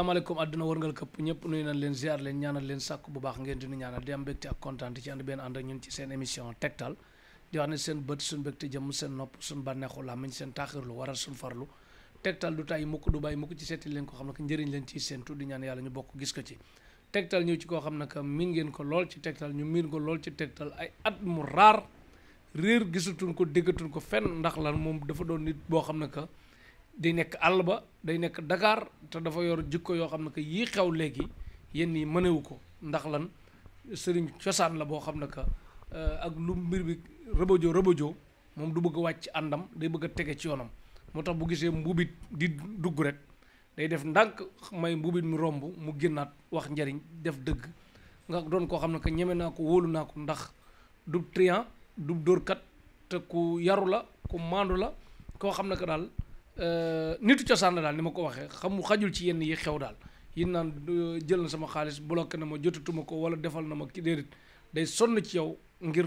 asalaamaaleykum àdduna wërngal këpp ñëpp nuyu nañ leen ziar leen ñaanal leen sàkk bu baax ngeen di nu ñaanal di am mbégte ak kontaan ci ànd benn ànd ak ñun ci seen émission tegtal di wax ne seen bët suñ mbégte jëm seen nopp suñ bànneexu làmmiñ seen taaxirlu waral suñ farlu tegtal du tàyyi mukk du bàyyi mukk ci seeti leen ko xam ne que njëriñ leen ciy seen tuddi ñaan yàlla ñu bokk gis ko ci tegtal ñëw ci koo xam ne que miin ngeen ko lool ci tegtal ñu miin ndax lan moom dafa doon nit boo xam ne que di nekk àll ba day nekk Dakar te dafa yor jikko yoo xam ne que yii xew léegi yenn yi mënewu ko ndax lan sëriñ cosaan la boo xam ne que euh, ak lu mbir bi rëbëjoo rëbëjoo moom du bëgg a wàcc àndam day bëgg a tege ci yoonam moo tax bu gisee mbuubit di dugg rek day def ndànk may mbuubit mu romb mu génnaat wax njariñ def dëgg nga doon koo xam ne que ñeme naa ko wóolu naa ko ndax du trian du dóorkat te ku yaru la ku maandu la koo xam na que daal Euh, nitu cosaan la daal ni ma ko waxee xamu xajul ci yenn yi xew daal yin naan euh, jël na sama xaalis bloqué na ma jotatuma ko wala defal na ma ki déedéet day sonn ci yow ngir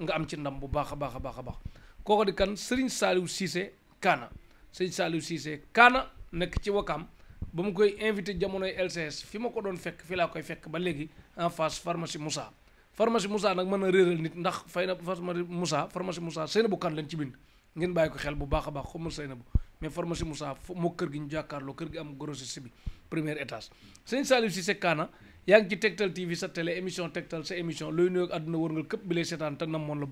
nga am ci ndam bu baax a baax a baax a baax kooko di kan Serigne Saliou Cissé Kaana Serigne Saliou Cissé Kaana nekk ci Wakaam ba mu koy invité jamonoy LCS fi ma ko doon fekk fi laa koy fekk ba léegi en face pharmacie Moussa pharmacie Moussa nag mën na réeral nit ndax fay na pharmacie musa pharmacie Moussa Seynabou Kane lañ ci bind ngeen bàyyi ko xel bu baax a baax xamul Seynabou mais pharmacie Moussa moo kër gi ñu jàkkaarloo kër gi am grossiste bi premier étage sëñ Salif Cissé Kaana yaa ngi ci Tektal TV sa télé émission Tektal sa émission looy nuyoo ak àdduna la bu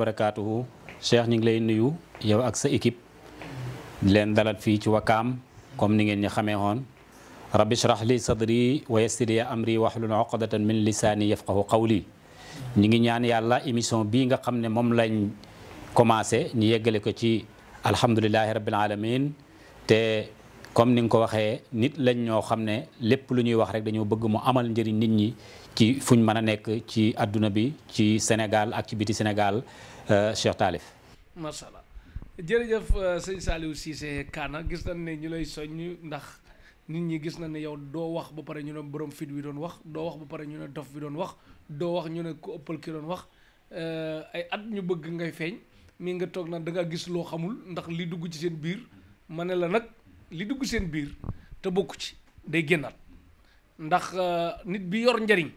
baax ñu ngi lay nuyu yow ak sa équipe leen dalal fii ci Wakaam comme ni ngeen ñi xamee woon rabbi shrah li sadri wa yassir li amri wahlul uqdatan min lisaani yafqahu qawli ñu ngi ñaan yàlla émission bii nga xam ne moom lañ. commencé ñu yeggale ko ci alhamdulilahi rabbil alamin te comme ni nga ko waxee nit lañ ñoo xam ne lépp lu ñuy wax rek dañoo bëgg mu amal njëriñ nit ñi ci fuñ mën a nekk ci àdduna bi ci Sénégal ak ci biti Sénégal euh, Cheikh Taalif macha allah jërëjëf euh, sëñ Saliou Cissé Kaana gis nañ ne ñu lay soññ ndax nit ñi gis nañ ne yow doo wax ba pare ñu ne borom fit wi doon wax doo wax ba pare ñu ne dof bi doon wax doo wax ñu ne ku ëppal ki doon wax euh, ay at ñu bëgg ngay feeñ mii nga toog naan da gis loo xamul ndax li dugg ci seen biir ma ne la nag li dugg seen biir te bokk ci day génnaat ndax euh, nit bi yor njariñ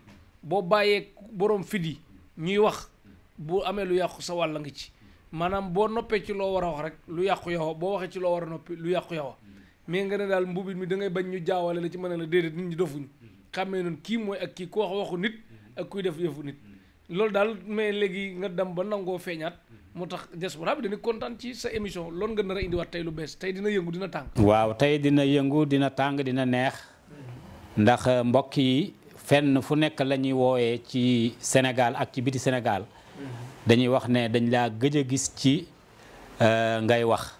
boo bàyyee boroom fit yi ñuy wax bu amee lu yàqu sa wàll nga ci maanaam boo noppee ci loo war a wax rek lu yàqu yow boo waxee ci loo war a noppi lu yàqu yow mais nga ne daal mbubit mi da ngay bañ ñu jaawale la ci mën a la déedéet nit ñi dofuñu xàmmee noonu kii mooy ak kii ku wax waxu nit ak kuy def yëfu nit loolu daal mais léegi nga dem ba nangoo feeñaat moo tax des diaspora bi dañu kontaan ci sa émission loolu nga nar a indiwaat tey lu bees tey dina yëngu dina tàng. waaw tey dina yëngu dina tàng dina neex ndax euh, mbokk yi fenn fu nekk la ñuy wooyee ci Sénégal ak ci biti Sénégal dañuy wax ne dañ laa gëj a gis ci euh, ngay wax.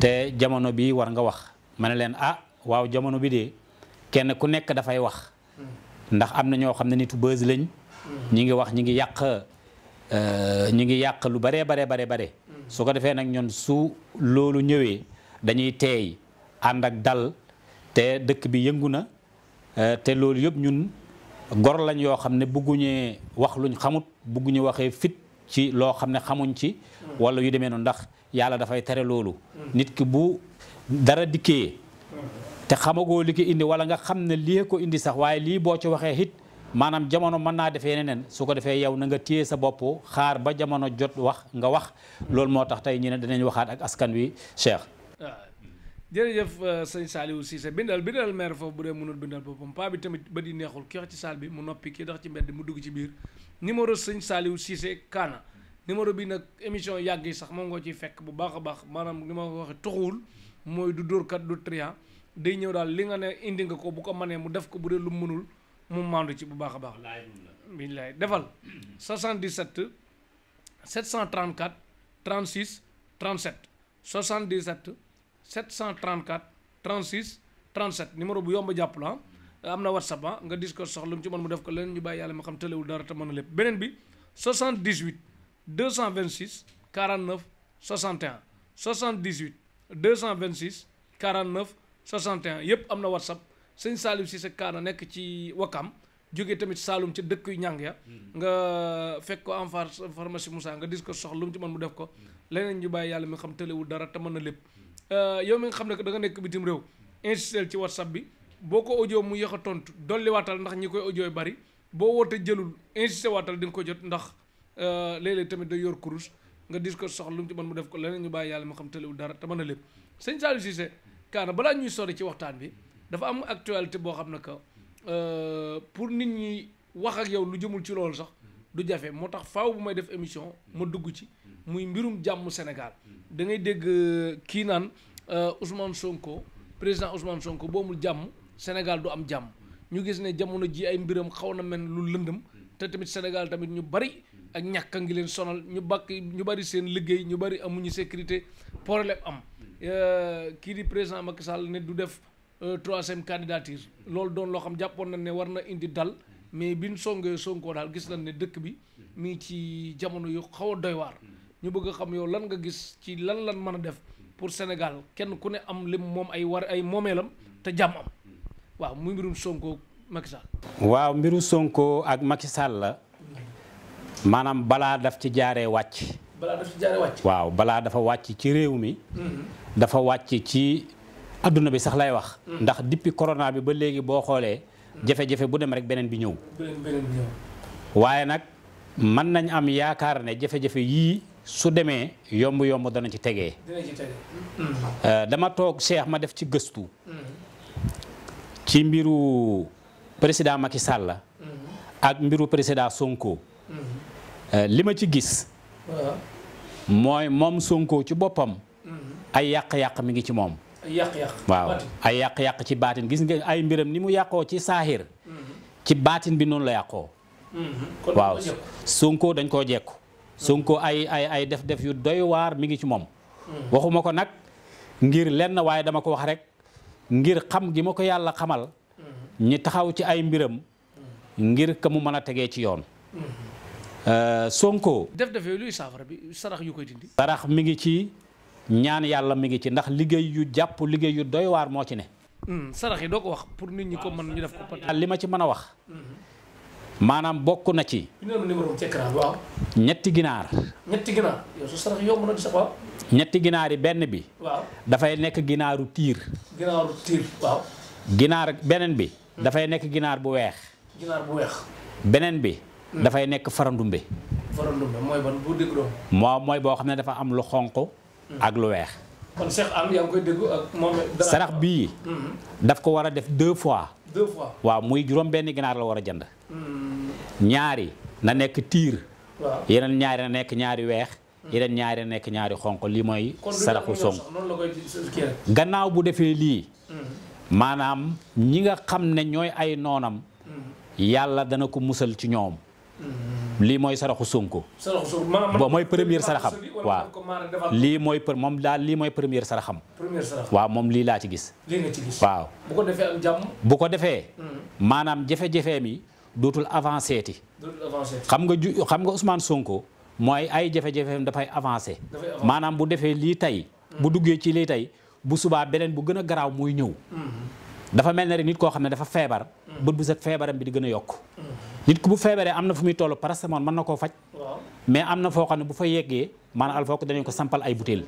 te jamono bi war nga wax ma ne leen ah waaw jamono bi de kenn ku nekk dafay wax. ndax am na ñoo xam ne nitu buzz lañ. ñi ngi wax ñi ngi yàq. Euh, ñu ngi yàq lu baree baree bare bare su ko defee nag ñun su loolu ñëwee dañuy teey ànd ak dal te dëkk bi yëngu na euh, te loolu yëpp ñun gor lañ yoo xam ne bëgguñee wax luñ xamut bëgguñu waxee fit ci loo xam ne xamuñ ci wala yu demee noonu ndax yàlla dafay tere loolu nit ki bu dara dikkee te xamagoo li ko indi wala nga xam ne li ko indi sax waaye lii boo ci waxee it maanaam jamono mën naa defee neneen su ko defee yow na nga téye sa bopp xaar ba jamono jot wax nga wax loolu moo tax tey ñu ne danañ waxaat ak askan wi Cheikh. Ah. jërëjëf euh, sëñ Saliou Cissé bindal bindal maire foofu bu dee mënul bindal boppam paa bi tamit ba di neexul ki ci saal bi mu noppi ki dox ci mbedd mu dugg ci biir numéro sëñ Saliou Cissé Kaana numéro bi nag émission yàgg yi sax moom nga ciy fekk bu baax a baax maanaam ni ma ko waxee tuxuwul mooy du dóorkat du trian day ñëw daal li nga ne indi nga ko bu ko manee mu def ko bu dee lu munul mu mandu ci bu baax a baax billaay defal 77 734 36 37 77 734 36 37 numéro bu yomb jàpp la ah. am na whatsapp ah nga dis ko soxla mu ci mën mu def ko leneen ñu bàyyi yàlla ma xam tëlewul dara te mën na lépp beneen bi 78 226 49 61 78 226 49 61 yépp am na whatsapp sëñ si sa Kaana nekk ci Wakam jóge tamit Saalum ca dëkk yu ñàng ya nga fekk ko en pharmacie Moussa nga dis ko soxla lu mu ci mën mu def ko leneen ñu bàyyi yàlla mi xam tëlewul dara te mën na lépp euh, yow mi nga xam ne da nga nekk bitim réew insistel ci whatsapp bi boo ko audio mu yéex a tontu dolliwaatal ndax ñi koy audio bari boo wootee jëlul insisté waatal di nga ko jot ndax euh, léeg-léeg tamit yor kurus nga dis ko soxla lu mu ci mu def ko leneen ñu bàyyi yàlla mi nga xam dara te mën na lépp sëñ Saliou Kaana balaa ñuy sori ci waxtaan bi dafa am actualité boo xam ne que euh, pour nit ñi wax ak yow lu jëmul ci loolu sax du jafe moo tax faw bu may def émission ma dugg ci muy mbirum jàmm Sénégal da ngay dégg euh, kii naan euh, Ousmane Sonko président Ousmane Sonko boomul jàmm Sénégal du am jàmm ñu gis ne jamono ji ay mbiram xaw na mel lu lëndëm te tamit Sénégal tamit ñu bari ak ñàkk a ngi leen sonal ñu bakk ñu bari seen liggéey ñu bari amuñu sécurité problème am kii di président Macky Sall ne du def. Euh, troisième candidature loolu doon loo xam jàppoon nañ ne war na indi dal mais bin ñu songee Sonko daal gis nañ ne dëkk bi mii ci jamono yu xaw a doy waar ñu bëgg xam yow lan nga gis ci lan lan mën a def pour Sénégal kenn ku ne am lim moom ay war ay moomeelam te jàmm am waaw muy mbirum Sonko Macky Sall waaw mbiru Sonko ak Macky Sall la maanaam balaa daf ci jaaree wàcc. balaa daf ci jaaree wàcc. waaw balaa dafa wàcc ci réew mi. Mm-hmm. dafa wàcc ci. adduna bi sax lay wax. ndax depuis corona bi ba léegi boo xoolee. jafe-jafe bu dem rek beneen bi ñëw. waaye nag mën nañ am yaakaar ne jafe-jafe yii su demee yomb-yomb dana ci tegee. dana euh, dama toog Cheikh ma def ci gëstu. Mm-hmm. ci mbiru président Macky sàll mm-hmm. ak mbiru président Sonko. Mm-hmm. Euh, li ma ci gis. mooy moom Sonko ci boppam. ay yàq-yàq mi ngi ci moom. yàq-yàq waaw ay yàq-yàq ci baatin gis nga ay mbiram ni mu yàqoo ci saaxir mm-hmm. ci baatin bi noonu la yàqoo mm-hmm. waaw Sonko dañ koo jekku Sonko mm-hmm. ay ay def-def yu doy waar mi ngi ci moom waxuma ko nag ngir lenn waaye dama ko wax rek ngir xam gi ma ko yàlla xamal ñi taxaw ci ay mbiram ngir ka mu mën a tegee ci yoon euh, Sonko def-def luy saafara bi sarax yu koy dindi sarax mi ngi ci ñaan yàlla mi ngi ci ndax liggéey yu jàpp liggéey yu doy waar moo ci ne. Hmm, sarax yi doo ko wax pour nit ñi ko mën ñu def ko. li ma ci mën a wax. Hmm. maanaam bokk na ci. ñetti ginaar. ñetti ginaar yow su sarax yomb na di sax waaw. ñetti ginaar yi benn bi. waaw dafay nekk ginaaru tiir. ginaaru tiir waaw. ginaar beneen bi. Hmm. dafay nekk ginaar bu weex. ginaar bu weex. beneen bi. dafay nekk farandumbe. farandumbe mooy ban bu dégg doon. moo mooy boo xam ne dafa am lu xonq ak lu weex. sarax bii. Mhm. daf ko war a def deux fois. waaw muy juróom benn ginaar la war a jënd. Mhm. ñaari na nekk tiir. yeneen ñaari na nekk ñaari weex. yeneen ñaari na nekk ñaari xonq lii mooy. saraxu song gannaaw bu defee lii. Mhm. maanaam ñi nga xam ne ñooy ay noonam. yàlla dana ko musal ci ñoom. lii mooy saraxu Sonko. saraxu Sonko bon mooy première saraxam. waaw lii mooy moom daal lii mooy première saraxam. première saraxam waaw moom lii laa ci gis. waaw. bu ko defee bu ko defee. Hmm. maanaam jafe-jafe dootul avancé ti. xam nga ju xam nga Ousmane Sonko mooy ay jafe-jafeem dafay avancé. dafay avancé maanaam bu defee lii tey. bu duggee ci lii tey bu subaa beneen bu gën a garaaw muy ñëw. Hmm. dafa mel ne rek nit koo xam ne dafa feebar bët bu set feebaram bi di gën a yokk nit ku bu feebaree am na fu muy toll paracétamol mën na koo faj mais am na foo xam ne bu fa yeggee maanaam alfook danañ ko sampal ay butéel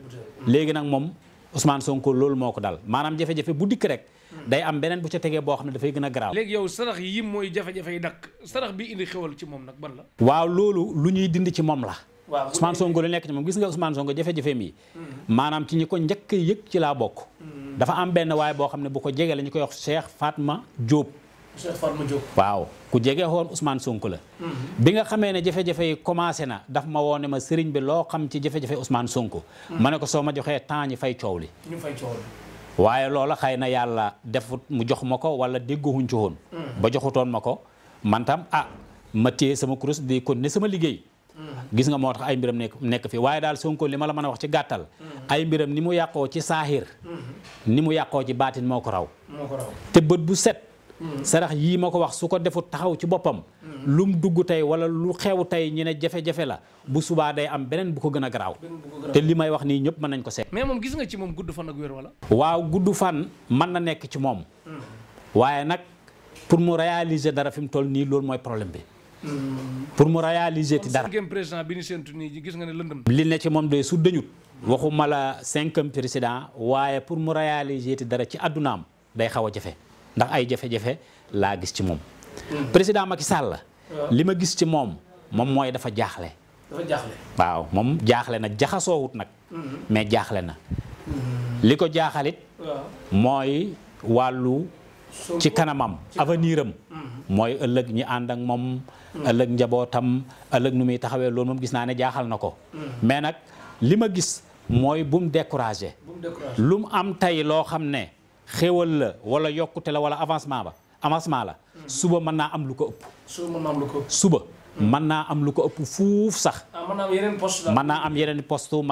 léegi nag moom Ousmane Sonko loolu moo ko dal maanaam jafe-jafe bu dikk rek day am beneen bu ca tegee boo xam ne dafay gën a garaaw yow sarax yi mooy jafe-jafe yi dakk bi indi xewal ci moom nag ban la waaw loolu lu ñuy dind ci moom la Ousmane Sonko lu nekk ci moom gis nga Ousmane Sonko jafe-jafe mi hmm. maanaam ci ñi ko njëkk yëg ci laa bokk hmm. dafa am benn waaye boo xam ne bu ko jege la ñu koy wax Cheikh Fatma Diop. waaw ku jege woon usmaan Sonko la. Mhm. bi nga xamee ne jafe-jafe yi commencé na daf ma woo ne ma sëriñ bi loo xam ci jafe-jafe Ousmane Sonko. Mhm. ma ne ko soo ma joxee temps ñi fay coow li. ñu waaye loola xay na yàlla defut mu jox ma ko wala dégguwuñ ci woon. Mhm. ba joxutoon ma ko man a ah ma téye sama kurus di kon ne sama liggéey. gis nga moo tax ay mbiram nekk nekk fi waaye daal Sonko li ma la mën a wax ci gàttal. Mm-hmm. ay mbiram ni mu yàqoo ci saaxir. Mm-hmm. ni mu yàqoo ci baatin moo ko raw. te bët bu set. Mm-hmm. sarax yii ma ko wax su ko defut taxaw ci boppam. lu mu dugg tey wala lu xew tey ñu ne jafe-jafe la bu subaa day am beneen bu ko gën a garaaw. te li may wax nii ñëpp mën nañ ko seet. mais moom gis nga ci moom gudd fan ak wér wala. waaw gudd fan mën na nekk ci moom. waaye nag pour mu réaliser dara fi mu toll nii loolu mooy problème bi. pour mu réaliser ti dara. président bi ñu séntu nii gis nga ne lëndëm. li ne ci moom de su dëñut waxuma la cinquième président waaye pour mu réaliser ti dara ci àddunaam day xaw a jafe ndax ay jafe-jafe laa gis ci moom. Hmm. président Macky Sall. li ma gis ci moom moom mooy dafa jaaxle. dafa jaaxle waaw moom jaaxle na jaxasoowut nag. Hmm. mais jaaxle na. Hmm. li ko jaaxalit mooy wàllu. ci kanamam avenir am mooy ëllëg ñi ànd ak moom ëllëg njabootam ëllëg nu muy taxawee loolu moom gis naa ne jaaxal na ko mais nag li ma gis mooy bum décourager lu mu am tey loo xam ne xéwal la wala yokkute la wala avancement ba avancement la suba mën naa am lu ko ëpp suba mën naa am lu ko ëpp fuuf sax ah, man naa am yeneen poste mën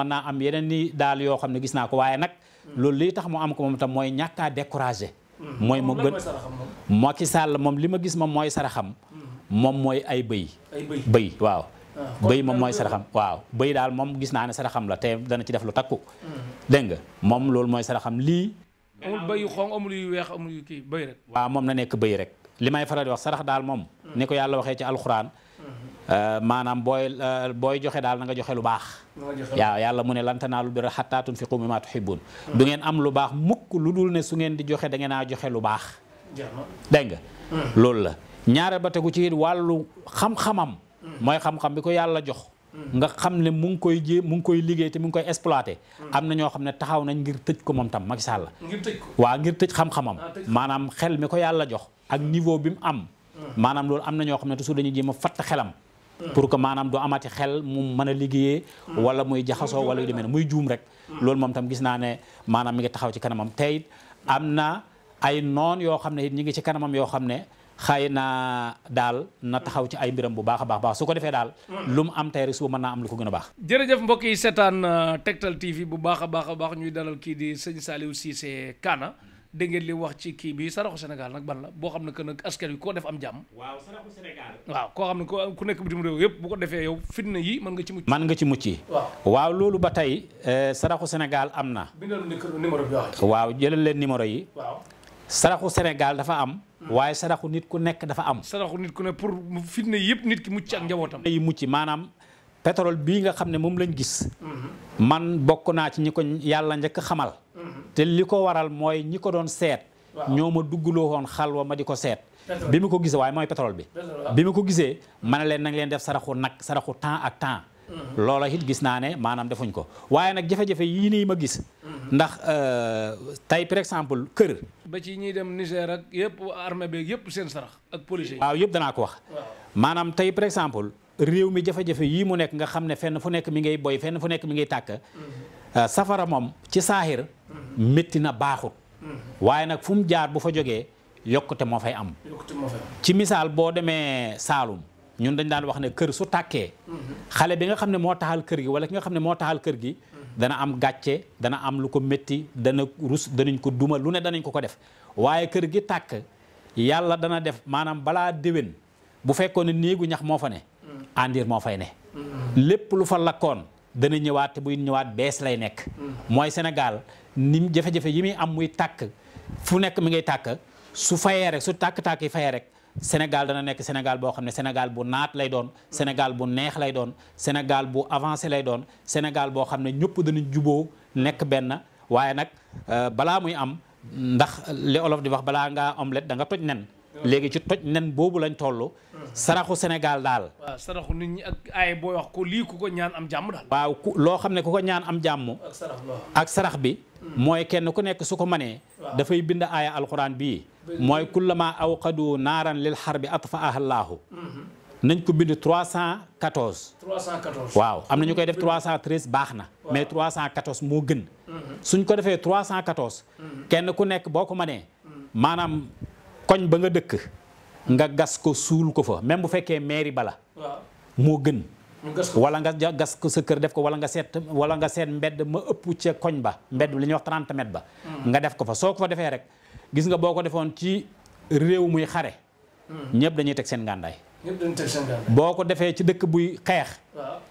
naa am yeneen ni daal yoo xam ne gis naa ko waaye nag loolu li tax mu am ko moom tam mooy ñàkkaa découragé mooy ma gën Macky Sall moom li ma gis moom mooy saraxam moom mooy ay bëy bëy waaw ah, bëy moom mooy saraxam waaw bëy daal moom gis naa ne saraxam la te dana ci def lu takku mm-hmm. dégg nga moom loolu mooy saraxam lii amul bëy yu xonq amul yu weex amul yu kii bëy rek waaw moom na nekk bëy rek li may faral di wax sarax daal moom ni ko yàlla waxee ci alxuraan Euh, maanaam booy euh, booy joxe daal na nga joxe lu baax waaw yàlla mu ne lan tanaalu birra hattaa tunfiqu mimmaa tuhibbuun du ngeen am lu baax mukk lu dul ne su ngeen di joxe da ngeen joxe lu baax dégg nga hmm. loolu la ñaare ba tegu ci it wàllu xam-xamam hmm. mooy xam-xam bi ko yàlla jox hmm. nga xam ne mu ngi koy jéem mu ngi koy liggéey te mu ngi koy exploité am ñoo xam ne taxaw nañ ngir tëj ko moom tam Macky Sall ngir tëj ah, maanaam xel mi ko yàlla jox ak niveau bi mu am maanaam loolu am na ñoo xam ne toujours dañuy jéem fatt xelam pour que maanaam du amati xel mu mën a liggéeyee wala muy jaxasoo wala yu demee muy juum rek loolu moom tam gis naa ne maanaam mi ngi taxaw ci kanamam tey am na ay noon yoo xam ne it ngi ci kanamam yoo xam ne xay na daal na taxaw ci ay mbiram bu baax a baax baax su ko defee daal lu mu am tey rek suba mën naa am lu ko gën a baax jërëjëf mbokk yi seetaan euh, TV bu baax a baax a baax ñuy dalal kii di sëñ Saliou Cissé Kana dégg ngeen li wax ci kii bi saraxu Sénégal nag ban la boo xam ne que nag askan wi koo def am jàmm. waaw saraxu waaw koo xam ne ku nekk bitim réew yëpp bu ko defee yow fitna yi mën nga ci mucc. mën nga ci mucc. waaw loolu ba tey eh, saraxu Sénégal am na. bindal bi waaw jëlal leen numéro yi. waaw saraxu Sénégal dafa am. waaye saraxu nit ku nekk dafa am. saraxu nit ku ne pour fitna yëpp nit ki mucc ak njabootam. yi mucc maanaam. pétrole bii nga xam ne moom lañ gis man bokk naa ci ñi ko yàlla njëkk xamal te li ko waral mooy ñi ko doon seet ñoo ma duggloo woon xalwa ma di ko seet bi mu ko gisee waaye mooy pétrole bi bi mu ko gisee ma ne leen nag leen def saraxu nag saraxu temps ak temps mhm. loola it gis naa ne maanaam defuñ ko waaye nag jafe-jafe yii nii ma gis mhm. ndax euh, tey par exemple kër ba ci ñuy dem Niger ak yëpp armée bi yëpp seen sarax ak policier waaw yëpp danaa ko wax maanaam tey par exemple réew mi jafe-jafe yii mu nekk nga xam ne fenn fu nekk mi ngay boy fenn fu nekk mi ngay tàkk mhm. euh, safara moom ci saaxir mhm. métti na baaxut mhm. waaye nag fu mu jaar bu fa jogee yokkute moo fay am ci misaal boo demee Saalum ñun dañ daan wax ne kër su tàkkee xale bi nga xam ne moo taxal kër gi wala ki nga xam ne moo taxal kër gi dana am gàcce dana am lu ko métti dana rus danañ ko duma lu ne danañ ko ko def waaye kër gi tàkk yàlla dana def maanaam balaa déwén bu fekkoon ne néegu ñax moo fa ne andiir moo fay ne lépp lu fa lakkoon dana ñëwaat te buy ñëwaat bees lay nekk mooy Sénégal ni jafe-jafe yi muy am muy tàkk fu nekk mi ngay tàkk su fayee rek su tàkk-tàkk yi fayee rek Sénégal dana nekk Sénégal boo xam ne Sénégal bu naat lay doon Sénégal bu neex lay doon Sénégal bu avancé lay doon Sénégal boo xam ne ñëpp danañ juboo nekk benn waaye nag euh, balaa muy am ndax li olof di wax balaa ngaa omelette da nga toj nen léegi ci toj nen boobu lañ toll. saraxu Sénégal daal. waaw saraxu nit ñi ak ay booy wax ko lii ku ko ñaan am jàmm waaw ku loo xam ne ku ko ñaan am jàmm. ak sarax bi. Hmm. mooy kenn ku nekk su ko manee. dafay bind aaya alxuraan bii. mooy kullama awqadu naaran lil xarbi atfaaha llaahu. Hmm. nañ ko bind 314. 314 waaw am na ñu koy def 313 baax na. mais 314 moo gën. Hmm. suñ ko defee 314. kenn ku nekk boo ko manee. maanaam. koñ ba nga dëkk nga gas ko suul ko fa même bu fekkee mairie bala moo gën wala nga gas ko sa kër def ko wala nga seet wala nga seet mbedd ma ëpp ca koñ ba mbedd li ñuy wax 30 mètres ba hmm. nga def ko fa soo ko fa defee rek gis nga boo ko defoon ci réew muy xare hmm. ñëpp dañuy teg seen ngàndaay boo ko defee ci dëkk buy xeex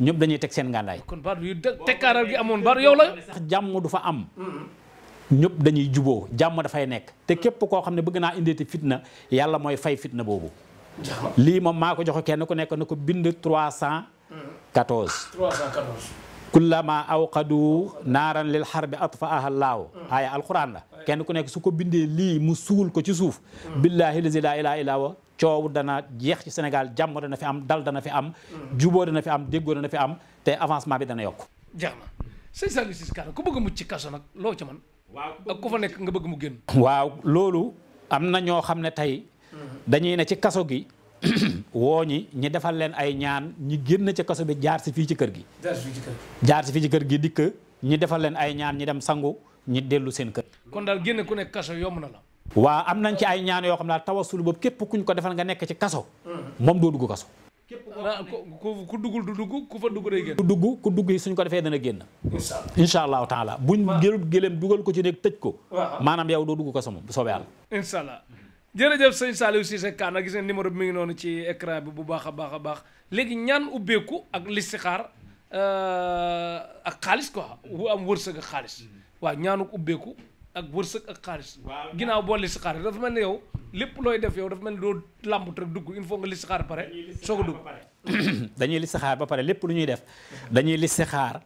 ñëpp dañuy teg seen ngàndaay kon baat yu gi amoon baat yow la sax jàmm du fa am hmm. ñëpp dañuy juboo jàmm dafay nekk te képp koo xam ne bëgg naa indeeti fitna yàlla mooy fay fitna boobu. lii moom maa ko joxe kenn ku nekk na ko bind 314. 314. kullama xadu naaran lil xarbi atfaaha laaw aaya alquran la kenn ku nekk su ko bindee lii mu suul ko ci suuf billaahi lazi laa ilaaha illaa coow dana jeex ci Sénégal jàmm dana fi am dal dana fi am juboo dana fi am déggoo dana fi am te avancement bi dana yokk jeex na ci ak ku fa nekk nga bëgg mu génn. waaw loolu am na ñoo xam ne tey dañuy ne ci kaso gi woo ñi ñi defal leen ay ñaan ñi génn ci kaso bi jaar si fii ci kër gi. jaar si fii ci kër gi dikk ñi defal leen ay ñaan ñi dem sangu ñi dellu seen kër. kon daal génn ku nekk kaso yomb na la. waa am nañ ci ay ñaan yoo xam ne tawasul boobu képp kuñ ko defal nga nekk ci kaso. Mm-hmm. moom doo dugg kaso. képp koo ku duggul du dugg ku fa dugg day génn. ku dugg ku dugg suñ ko defee dana génn. incha allahu taala bu jël gëléem dugal ko ci nekk tëj ko. maanaam yow doo dugg ko sama soobee yàlla. incha allah jërëjëf sëñ Saliou Cissé Ka nag gis ne numéro bi mi ngi noonu ci écran bi bu baax a baax a baax léegi ñaan ubbeeku ak listixaar euh, ak xaalis ko wu am wërsëg ak xaalis mm-hmm. waa ñaanu ubbeeku. ak wërsëg ak xaalis. ginnaaw boo listixaar dafa mel ni yow lépp looy def yow dafa mel ni doo làmbut rek dugg il faut nga listixaar ba pare. soog a dugg dañuy listixaar ba pare lépp lu ñuy def dañuy listixaar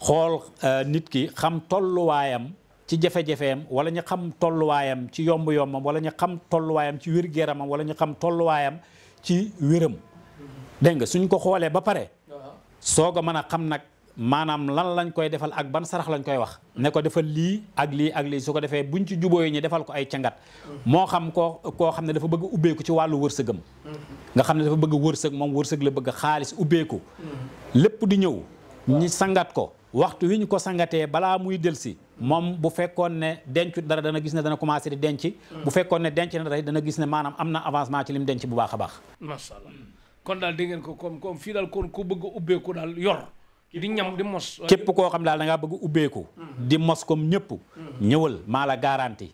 xool euh, nit ki xam tolluwaayam ci jafe-jafeem wala ñu xam tolluwaayam ci yomb-yombam wala ñu xam tolluwaayam ci wér-géramam wala ñu xam tolluwaayam ci wéram dégg nga suñ ko xoolee ba pare uh-huh. soog a mën a xam nag. maanaam lan lañ koy defal ak ban sarax lañ koy wax ne ko defal lii ak lii ak lii su ko defee buñ ci jubóoyee ñi defal ko ay cangat moo xam koo koo xam ne dafa bëgg ubbeeku ci wàllu wërsëgam nga xam ne dafa bëgg wërsëg moom wërsëg la bëgg xaalis ubbeeku lépp di ñëw ñi sangat ko waxtu wi ñu ko sangatee balaa muy delsi moom bu fekkoon ne dencu dara dana gis ne dana commencé di denc bu fekkoon ne denc na dara gis ne maanaam am na avancement ci lim denc bu baax a baax masha kon daal di ngeen ko comme comme fii daal kon ku bëgg ubbeeku daal yor di ñam di képp koo xam daal da ngaa bëgg ubbeeku. di mos comme ñëpp. ñëwal maa la garanti.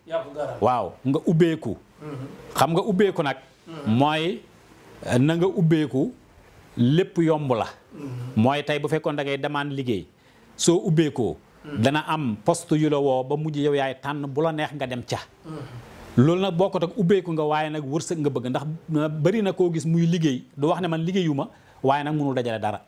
waaw nga ubbeeku. xam nga ubbeeku nag. mooy eh, nanga nga ubbeeku lépp yomb la. mooy tey bu fekkoon da ngay demande liggéey soo ubbeekoo. dana am poste yu la woo ba mujj yow yaay tànn bu la neex nga dem ca. loolu nag boo ko ak ubbeeku nga waaye nag wërsëg nga bëgg ndax eh, bari na koo gis muy liggéey du wax ne man liggéeyu ma waaye nag mënul dajale dara.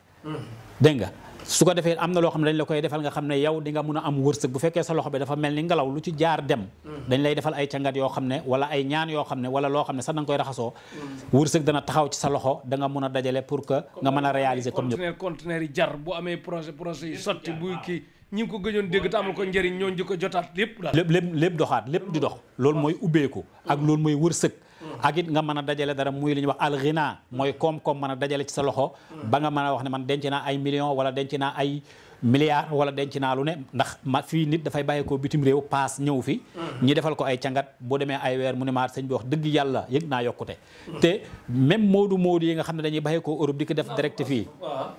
dégg su ko defee am na loo xam ne dañ la koy defal nga xam ne yow di nga mun a am wërsëg bu fekkee sa loxo bi dafa mel ni ngelaw lu ci jaar dem mm. dañ lay defal ay cangat yoo xam ne wala ay ñaan yoo xam ne wala loo xam ne sax da nga koy raxasoo mm. wërsëg dana taxaw ci sa loxo da nga mun a dajale pour que nga mën a réaliser comme ñëpp conteneur yi jar bu amee projet projet yi sotti buy kii ñi ngi ko gëjoon dégg te amul ko njariñ ñooñu di ko jotaat lépp daal lépp lépp doxaat lépp di dox loolu mooy ubbeeku ak loolu mooy wërsëg ak it nga mën a dajale dara muy li ñuy wax alxina mooy koom-koom mën a dajale ci sa loxo ba nga man a wax ne man denc naa ay millions wala denc naa ay milliards wala denc naa lu ne ndax ma fii nit dafay bàyyeekoo bitim réew paas ñëw fi mm. ñi defal ko ay cangat boo demee ay weer mu ne maat sëñ bi wax dëgg yàlla yëg naa yokkute te même moodu moodu yi nga xam ne dañuy bàyyeekoo Europe di ko def direct fii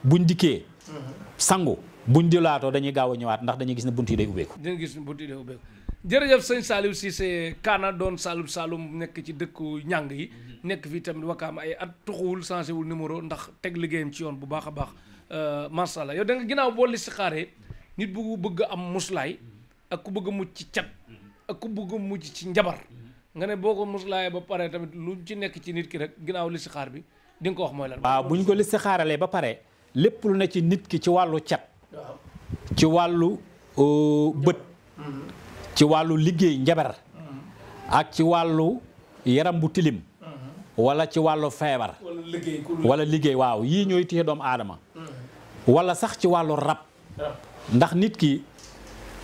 buñ dikkee mm-hmm. sangu buñ dilaatoo dañuy gaaw a ñëwaat ndax dañuy gis ne bunt jërëjëf sëñ Saliou Cissé Kaana doon Saloum Saloum nekk ci dëkku ñàng yi nekk fii tamit am ay at tuxuwul changé wul numéro ndax teg liggéeyam ci yoon bu baax a baax euh, macha allah yow da nga ginnaaw boo listixaaree nit bu bëgg am muslaay ak ku bëgg mucc ci cat ak ku bëgg mucc ci njabar nga ne boo ko muslaayee ba pare tamit lu ci nekk ci nit ki rek ginnaaw xaar bi dinga ko wax mooy lan. waaw bu ñu ko listixaaralee ba pare lépp na ci nit ki ci wàllu cat. ci euh, ci wàllu liggéey njabar ak ci wàllu yaram bu tilim wala ci wàllu feebar wala liggéey waaw yii ñooy téye doom aadama mm. wala sax ci wàllu rab ndax nit ki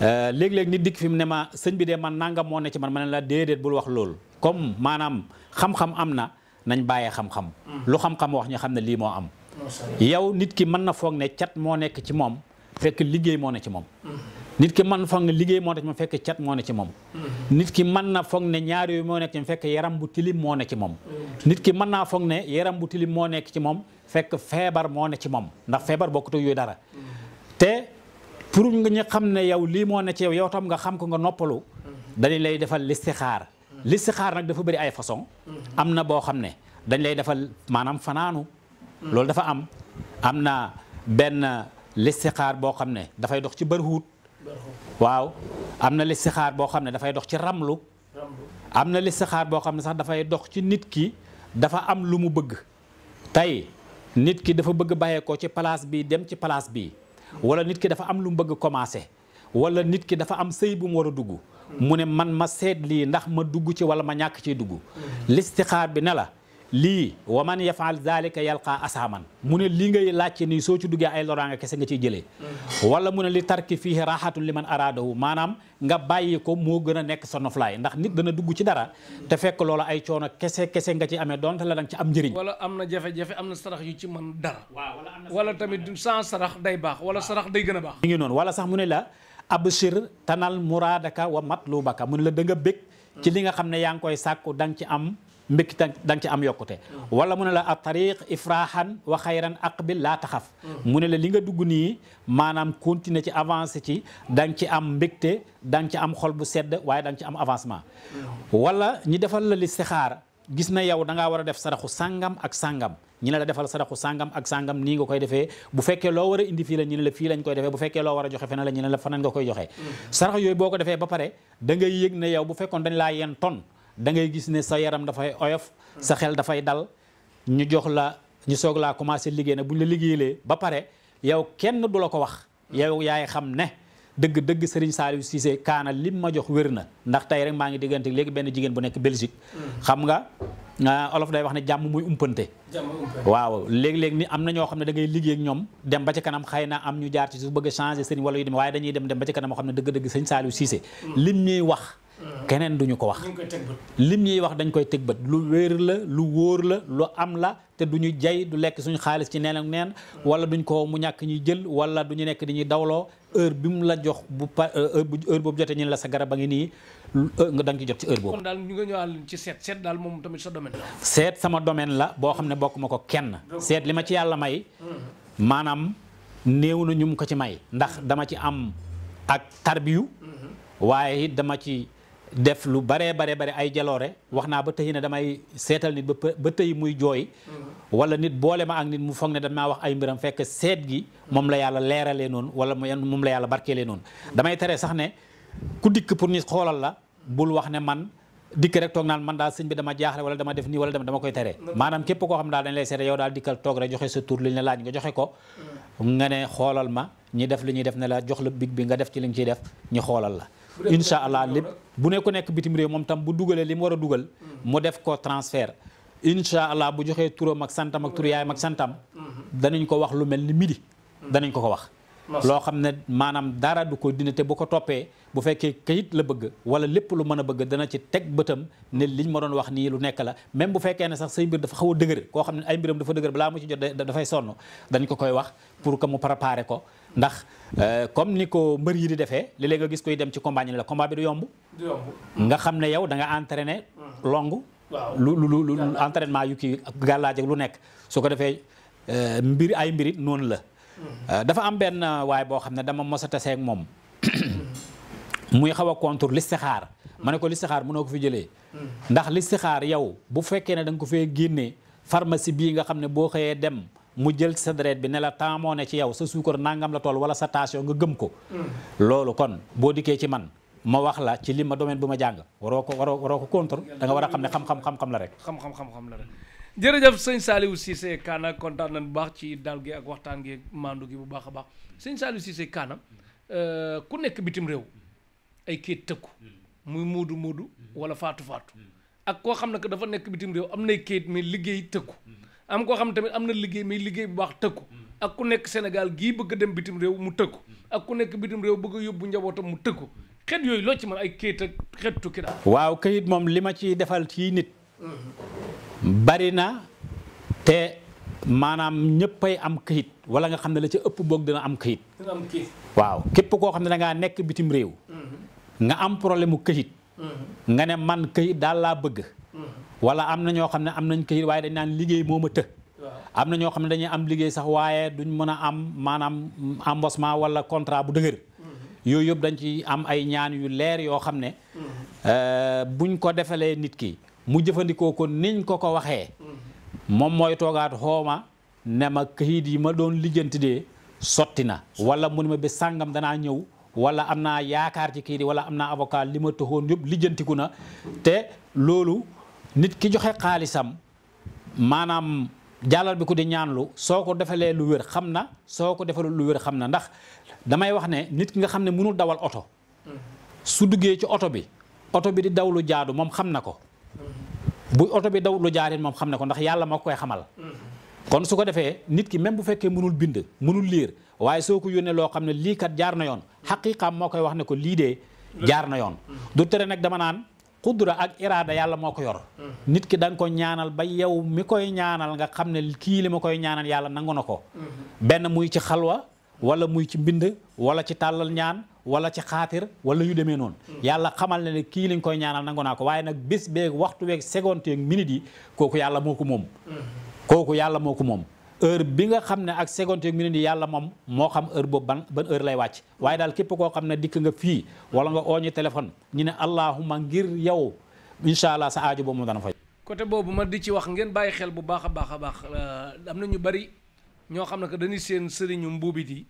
euh, léeg-léeg nit dikk fi mu ne ma sëñ bi dee man nangam moo ne ci man ma ne la déedéet bul wax loolu comme maanaam xam-xam am na nañ bàyyee xam-xam mm. lu xam-xam wax ñu xam ne lii moo am yow nit ki mën na foog ne cat moo nekk ci moom fekk liggéey moo ne ci moom mm. nit ki man foog ne liggéey moo ne ci moom fekk cat moo ne moom mm-hmm. nit ki mën na foog ne ñaar moo nekk ci moom fekk yaram bu tilim moo ne ci moom mm-hmm. nit ki mën naa foog ne yaram bu tilim moo nekk ci moom fekk feebar moo ne ci moom ndax feebar bokkut ak yooyu dara mm-hmm. te pour nga ñu xam ne yow lii moo ne ci yow yow tam nga xam ko nga noppalu dañu lay defal listixaar listixaar nag dafa bari ay façon am na boo xam ne dañ lay defal maanaam fanaanu loolu dafa am am na benn listixaar boo xam ne dafay dox ci bërhuut waaw am na listixaar boo xam ne dafay dox ci ramlu am na listixaar boo xam ne sax dafay dox ci nit ki dafa am lu mu bëgg tey nit ki dafa bëgg bàyyeekoo ci place bi dem ci place bi wala nit ki dafa am lu mu bëgg commencé wala nit ki dafa am sëy bu mu war a dugg mu ne man ma seet lii ndax ma dugg ci wala ma ñàkk ciy dugg mm-hmm. listixaar bi ne la lii wa man yafaal zalika yalqaa asaaman mu ne li ngay laajte nii soo ci duggee ay loraanga kese nga ciy jëlee wala mu ne li tarki fii raxatun li man araadahu maanaam nga bàyyi ko moo gën a nekk sa noflaay ndax nit dana dugg ci dara te fekk loola ay coono kese kese nga ci amee donte la danga ci am njëriñ wala am na jafe-jafe am na sarax yu ci mën dara wala tamit sans sarax day baax wala sarax day gën a baax mi ngi noonu wala sax mu ne la abshir tanal muraadaka wa matlubaka mu ne la da nga bég ci li nga xam ne yaa ngi koy sàkku danga ci am mbékki da nga ci am yokkute wala mu ne la ab tariq ifrahan wa xayran aqbil laa taxaf mu ne la li nga dugg nii maanaam continuer ci avancé ci da nga ci am mbégte da ci am xol bu sedd waaye da ci am avancement wala ñi defal la li listixaar gis na yaw da ngaa war a def saraxu sangam ak sàngam ñi ne la defal saraxu sangam ak sangam nii nga koy defee bu fekkee loo war a indi fii la ñi ne la fii lañ koy defee bu fekkee loo war joxe feneen la ñi ne la fanaan da ngay gis ne sa yaram dafay oyof sa xel dafay dal ñu jox la ñu soog laa commencé liggéey na bu ñu la liggéeylee ba pare yow kenn du la ko wax yow yaay xam ne dëgg dëgg Serigne Saliou Cissé kaana lim ma jox wér na ndax tey rek maa ngi diggante léegi benn jigéen bu nekk Belgique xam nga ah, olof day wax ne jàmm muy umpante waaw léeg-léeg ni am na ñoo xam ne da ngay liggéey ñoom dem ba ci kanam xëy na am ñu jaar ci bëgg changé sëriñ wala yu dem dañuy dem dem ba ci kanam xam ne dëgg-dëgg sëñ Saliou Cissé mm. lim ñuy wax keneen duñu ko wax lim yi wax dañ koy tëg bët lu wér la lu wóor la lu am la te duñu jay du lekk suñu xaalis ci neen ak neen wala duñ ko mu ñàkk ñuy jël wala duñu nekk dañuy ñuy dawloo heure bi mu la jox bu pa euh, heure boobu jotee ñu la sa garab a ngi nii euh, nga da nga ci jot ci heure boobu. daal ñu nga ñëwaat ci seet seet daal moom tamit sa domaine seet sama domaine la boo xam ne bokk ma ko kenn. seet li ma ci yàlla may. Mm-hmm. maanaam néew na ñu mu ko ci may. ndax dama ci am ak tarbiyu. Mm-hmm. waaye it dama ci. def lu baree bare bare ay jaloore wax naa ba tey ne damay seetal nit ba ba tey muy jooy mm-hmm. wala nit boole ma ak nit mu foog ne damaa wax ay mbiram fekk seet gi moom la yàlla leeralee noonu wala moom la yàlla barkeelee noonu damay tere sax ne ku dikk pour nit xoolal la bul wax ne man dikk rek toog naan man daal sëñ bi dama jaaxle wala dama def nii wala dama koy tere mm-hmm. maanaam képp ko xam daal dañ lay seete yow daal dikkal toog rek joxe sa tur li ñu la laaj nga joxe ko mm-hmm. nga ne xoolal ma ñi def li ñuy def ne la jox la big bi nga def ci li nga ciy def ñu la incha allah lépp bu ne ku nekk bitim réew moom tam bu dugalee li mu war dugal mu def ko transfert incha allah bu joxee turam ak santam ak tur yaayam ak santam danañ ko wax lu mel ni midi danañ ko ko wax loo xam ne maanaam dara du ko dina te bu ko toppee bu fekkee kayit la bëgg wala lépp lu mën a bëgg dana ci teg bëtam ne liñ ma doon wax nii lu nekk la même bu fekkee ne sax say mbir dafa xaw a dëgër koo xam ne ay mbiram dafa dëgër balaa mu ci jot dafay sonn dañ ko koy wax pour que mu préparer ko ndax euh, comme ni ko mbër yi di defee léeg-léeg nga gis koy dem ci combat la combat bi du yomb. nga xam ne yow danga nga entraîné. Mm. long lu lu lu lu entraînement yu kii gàllaaj lu nekk su ko defee euh, mbir ay mbirit noonu la. Mm. Euh, dafa am benn waaye boo xam ne dama mos a moom muy xaw a contour listixaar ma ne ko listixaar mënoo ko fi jëlee mm. ndax listixaar yow bu fekkee ne da ko fee génnee pharmacie bii nga xam ne boo xëyee dem mu jël sa deret bi ne la taamoo ne ci yow sa suukar nangam la tool wala sa tension nga gëm ko. Mm. loolu kon boo dikkee ci man ma wax la ci li ma domaine bu ma jàng waroo ko waroo waroo ko contre da war a xam ne xam-xam xam-xam la rek. xam-xam xam-xam la rek jërëjëf sëñ Saliou Cissé Kaana kontaan nañu bu baax ci dal gi ak waxtaan gi maandu gi bu baax a baax sëñ Saliou Cissé Kaana euh, ku nekk bitim réew ay kayit tëkku muy muudu muudu wala faatu faatu ak koo xam ne que dafa nekk bitim réew am nay kayit mais liggéey tëkku. am koo xam tamit am na liggéey mais liggéey bu baax tëkku ak ku nekk senegal gii bëgg dem bitim réew mu tëkku ak ku nekk bitim réew bëgg a yóbbu njabootam mu tëkku xet yooyu loo ci mën ay kayit ak xet tukki daal waaw kayit moom li ma ciy defal ci nit bari na te maanaam ñëppay am kayit wala nga xam ne la ca ëpp boog dina am kayit waaw képp koo xam ne dangaa nekk bitim réew mm-hmm. nga am problème mu kayit mm-hmm. nga ne man kayit daal laa bëgg mm-hmm. wala am na ñoo xam ne am nañ këyit waaye dañ naan liggéey moo të am na ñoo xam ne dañuy am liggéey sax waaye duñ mën a am maanaam embossement wala contrat bu dëgër mm-hmm. yooyu yëpp dañ ci am ay ñaan yu leer yoo xam ne mm-hmm. euh, buñ ko defalee nit ki mu jëfandikoo ko niñ ko ko waxee mm-hmm. moom mooy toogaat xooma ne ma këyit yi ma doon lijjanti de sotti na wala mu ma bi sàngam danaa ñëw wala am naa yaakaar ci këyit yi wala am naa avocat li ma taxoon yëpp lijjantiku na te loolu nit ki joxe xaalisam maanaam jàllal bi ko di ñaanlu soo ko defalee lu wér xam na soo ko defalul lu wér xam na ndax damay wax ne nit ki nga xam ne mënul dawal oto su duggee ci oto bi oto bi di daw lu jaadu moom xam na ko bu oto bi daw lu jaarin xam na ko ndax yàlla moo koy xamal kon su ko defee nit ki même bu fekkee mënul bind mënul liir waaye soo ko yónnee loo xam ne lii kat jaar na yoon xaqiiqaam moo koy wax ne ko lii dee jaar na yoon du tere nag dama naan xudura ak iraada yàlla moo ko yor nit ki da ko ñaanal ba yow mi koy ñaanal nga xam ne kii li ma koy ñaanal yàlla nangu na ko benn muy ci xalwa wala muy ci mbind wala ci tàllal ñaan wala ci xaatir wala yu demee noon yàlla xamal ne ne kii liñ koy ñaanal nangu naa ko waaye nag bés beeg waxtu weeg seconde yeeg minute yi kooku yàlla moo ko moom kooku yàlla moo ko moom heure bi nga xam ne ak seconde yeeg minute yi yàlla moom moo xam heure boobu ban ban heure lay wàcc waaye daal képp koo xam ne dikk nga fii wala nga ooñu téléphone ñu ne allahuma ngir yow incha allah sa aajo boobu moom dana fay. côté boobu ma di ci wax ngeen bàyyi xel bu baax a baax a baax euh, am na ñu bari ñoo xam ne que dañuy seen sëriñu mbuubit yi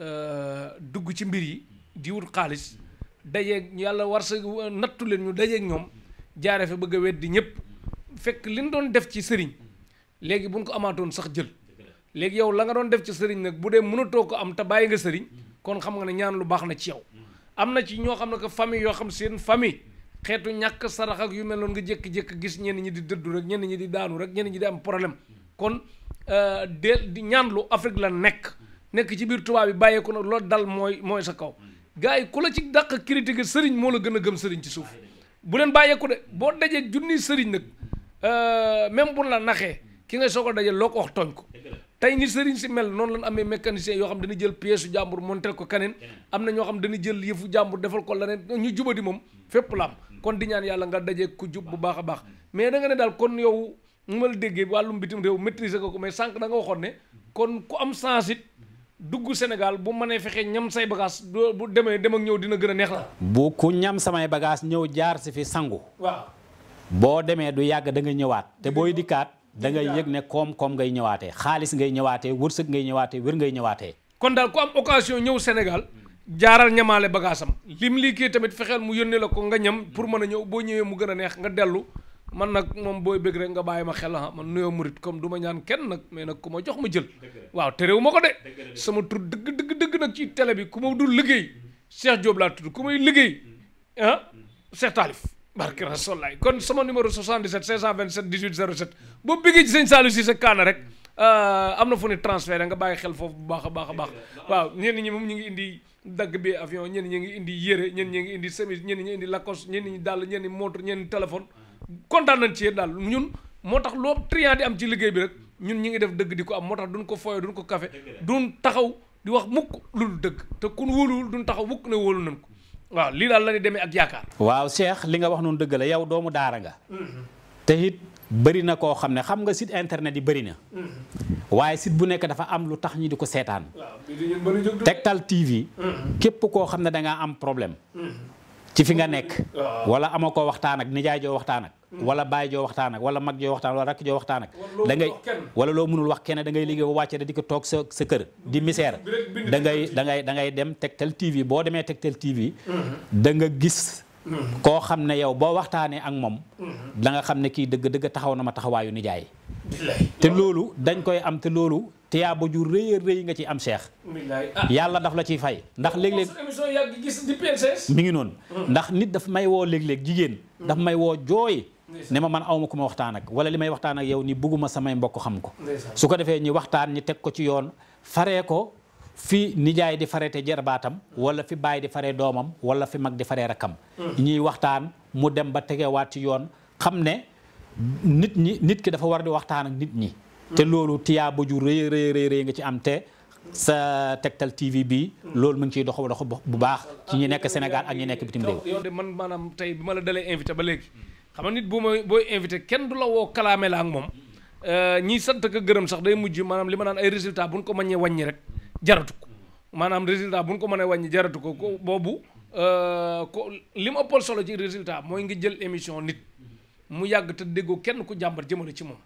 euh, dugg ci mbir yi di wut xaalis dajeeg yàlla war sa nattu leen ñu dajeek ñoom jaare fa bëgg a weddi ñëpp fekk li ñu doon def ci sëriñ léegi bu ko amaatoon sax jël. léegi yow la nga doon def ci sëriñ nag bu dee mënatoo ko am te bàyyi nga sëriñ kon xam nga ne ñaan lu baax na ci yow am na ci ñoo xam ne que famille yoo xam seen famille xeetu ñàkk sarax ak yu mel noonu nga jékki-jékki gis ñenn ñi di dëddu rek ñenn ñi di daanu rek ñenn ñi di am problème kon euh, de di ñaan lu Afrique la nekk nekk ci biir tubaab yi bàyyeeku nag loolu dal mooy mooy sa kaw gars yi ku la ci dàq critique sëriñ moo la gën a gëm sëriñ ci suuf bu leen bàyyeeku de boo dajee junniy sëriñ nag euh, même bu la naxee ki ngay soog a dajee loo ko tey ni sëriñ si mel noonu lañ amee mécanicien yoo xam dana jël pièce su jàmbur montel ko kaneen am na ñoo xam dana jël yëfu jàmbur defal ko leneen ñu jubadi moom fépp la am mm-hmm. kon di ñaan yàlla nga dajee ku jub bu baax a baax mais da nga ne daal kon yow mu ma la déggee wàllum bitim réew maîtriser ko ko mais sànq da nga waxoon ne kon ku am sens it dugg Sénégal bu mënee fexee ñam say bagage bu demee dem ak ñëw dina gën a neex la bu ku ñam samay bagage ñëw jaar si fi sangu waaw boo demee du yàgg da ñëwaat da ngay yëg ne koom-koom ngay ñëwaatee xaalis ngay ñëwaatee wërsëg ngay ñëwaatee wér ngay ñëwaatee kon daal ku am occasion ñëw Sénégal jaaral ñamaale bagaasam lim lii kii tamit fexeel mu yónnee la ko nga ñam pour mën a ñëw boo ñëwee mu gën a neex nga dellu man nag moom booy bëgg rek nga bàyyi ma xel ah man nuyoo murit comme du ma ñaan kenn nag mais nag ku ma jox ma jël waaw terewu ma ko de sama tur dëgg dëgg dëgg nag ci tele bi ku ma dul liggéey Cheikh Diop laa ku may liggéey mm. ah barke Rasulaay kon sama numéro 77 527 18 07 boo bëggee ci sëñ Saliou Cissé Kaana rek euh, am na fu ne transfert nga bàyyi xel foofu bu baax a baax a baax waaw ñenn ñi moom ñu ngi indi dagg bi avion ñenn ñi ngi indi yére ñenn ñi ngi indi chemise ñenn ñi indi Lacoste ñenn ñi dàll ñenn ñi montre ñenn ñi téléphone kontaan nañ ci yéen daal moo tax loo triant di am ci liggéey bi rek ñun ñi ngi def dëgg di ko am moo tax duñ ko foyee duñ ko café duñ taxaw di wax mukk lu dul dëgg te kun wóoluwul duñ taxaw mukk ne wóolu nañ ko waaw lii daal la ñuy demee ak yaakaar. waaw Cheikh li nga wax noonu dëgg la yow doomu daara nga. te it bëri na koo xam ne xam nga site internet yi bëri na. waaye site bu nekk dafa am lu tax ñi di ko seetaan. Tektal TV. Mm-hmm. képp koo xam ne da ngaa am problème. Mm-hmm. ci fi nga nekk ah. wala ama koo waxtaan ak nijaay joo waxtaan ak hmm. wala baay joo waxtaan ak wala mag joo waxtaan wala rakk joo waxtaan ak da ngay wala loo mënul wax kenn da ngay liggéey ba wàcce da ko toog sa sa kër di misère da ngay da da ngay dem Tektal TV boo demee teg Tektal TV hmm. da nga gis hmm. koo xam ne yow boo waxtaanee ak moom danga xam ne kii dëgg dëgg taxaw na ma taxawaayu nijaay te loolu dañ koy am te loolu tiyaaba ju rëy a rëy nga ci am seex ah. yàlla daf la ciy fay ndax léeg mu ngi noonu hmm. ndax nit dafa may woo léeg-léeg jigéen daf may woo jooy ne ma man awma ku ma waxtaan ak wala li may waxtaan ak yow ni bugguma samay mbokk xam ko su ko defee ñi waxtaan ñi teg ko ci yoon faree ko fi nijaay di farete jarbaatam wala fi bàyyi di fare doomam wala fi mag di faree rakkam hmm. ñuy waxtaan mu dem ba tegewaat ci yoon xam ne nit ñi nit ki dafa war di waxtaan ak nit ñi te loolu tiyaaba ju rëy rëy nga ci am te sa Tektal TV bi loolu mu ngi ciy dox dox bu baax ci ñi nekk Sénégal ak ñi nekk bitim réew. man maanaam tey bi ma la dalee invité ba léegi xam nga nit bu ma booy invité kenn du la woo kalaame la ak moom euh, ñi sant gërëm sax day mujj maanaam li ma naan ay résultat bu ñu ko mënee wàññi rek jaratu ko maanaam résultat bu ñu ko mënee wàññi jaratu ko boobu euh, ko li ma ëppal solo ci résultat mooy nga jël émission nit. mu yàgg te déggoo kenn ku jàmbat jëmale ci moom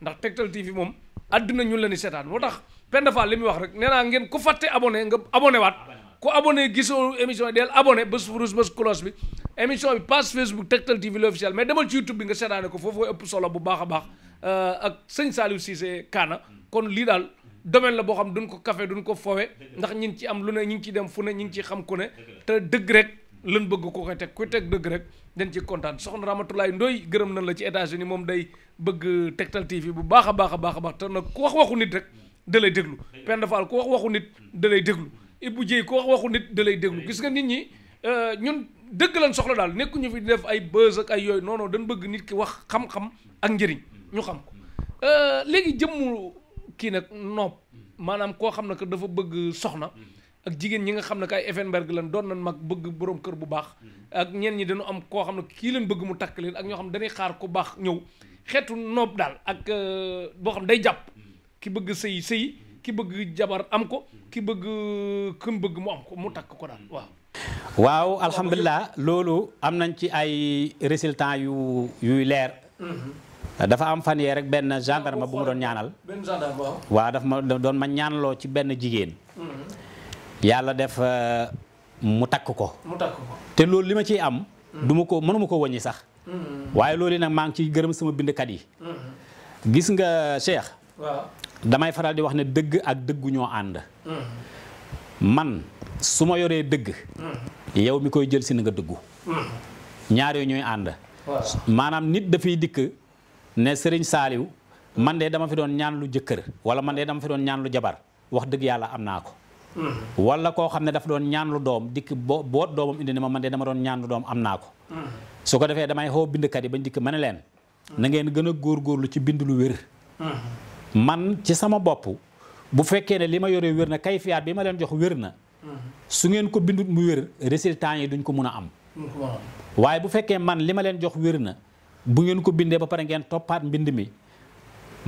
ndax Tektal TV moom àdduna ñun la ni seetaan moo tax Penda Fall li muy wax rek nee naa ngeen ku fàtte abonné nga abonné waat ku abonné gisoo émission yi del abonné bés rouge bés cloche bi émission bi page Facebook Tektal TV l'officiel mais demal ci YouTube bi nga setaane ko foofu ëpp solo bu baax a baax euh, ak sëñ Saliou Cissé Kaana kon lii daal domaine la boo xam duñ ko café duñ ko fowe ndax ñi ngi ci am lu ne ngi ciy dem fu ne ñi ngi ciy xam ku ne te dëgg rek lan bëgg ko teg kuy teg dëgg rek dañ ci kontaan soxna Ramatulaay Ndoy gërëm nañ la ci États-Unis moom day bëgg Tektal TV bu baax a baax a baax a baax te nag ku wax waxu nit rek da lay déglu Penda Fall ku wax waxu nit da lay déglu Ibou Dieye ku waxu nit da déglu gis nga nit ñi euh, ñun dëgg lañ soxla daal nekkuñu fi di def ay buzz ay yooyu non non bëgg nit ki wax xam-xam ak njëriñ ñu xam ko euh, léegi jëmmu kii nag noob maanaam koo xam ne que dafa bëgg soxna ak jigéen ñi nga xam ne kay Effenberg lan doon nañ mag bëgg boroom kër bu baax mm-hmm. ak ñenn ñi dañu am koo xam ne kii leen bëgg mu takk leen ak ñoo xam ne dañuy xaar ku baax ñëw mm-hmm. xeetu noob daal ak euh, boo xam day jàpp mm-hmm. ki bëgg sëy sëy ki bëgg jabar am ko ki bëgg euh, këm bëgg mu am ko mu takk ko daal waaw waaw alhamdulilah loolu am nañ ci ay résultats yu yuy leer dafa am fan yee rek benn gendarme ah, bu ma doon ñaanal benn gendarme ma doon ma ñaanloo ci benn jigéen yàlla def euh, mu takk ko. mu te loolu li ma ciy am. Mm. duma ko mënuma ko wàññi sax. Mm. waaye loolu nag maa ngi ciy gërëm sama bindkat yi. Mm. gis nga Cheikh. damay faral di wax ne dëgg ak dëggu ñoo ànd. su ma yoree dëgg. yow mi koy jël si na nga ñaar yooyu ñooy ànd. maanaam nit dafay dikk ne Serigne Saliou man de dama fi doon ñaan lu jëkkër wala man de dama fi doon ñaan lu jabar wax dëgg yàlla am naa ko. wala koo xam ne daf doon ñaan lu doom dikk boo boot doomam indi ne ma man de dama doon ñaan lu doom am naa ko mm-hmm. su ko defee damay xoo bindkat yi bañ dikk ma ne leen mm-hmm. na ngeen gën a góorgóorlu ci bind lu wér mm-hmm. man ci sama bopp bu fekkee ne li ma yoree wér na kay fiyaat bi ma leen jox wér na su ngeen ko bindut mu wér résultat yi duñ ko mun a am waaye bu fekkee man li ma leen jox wér na bu ngeen ko bindee ba pare ngeen toppaat mbind mi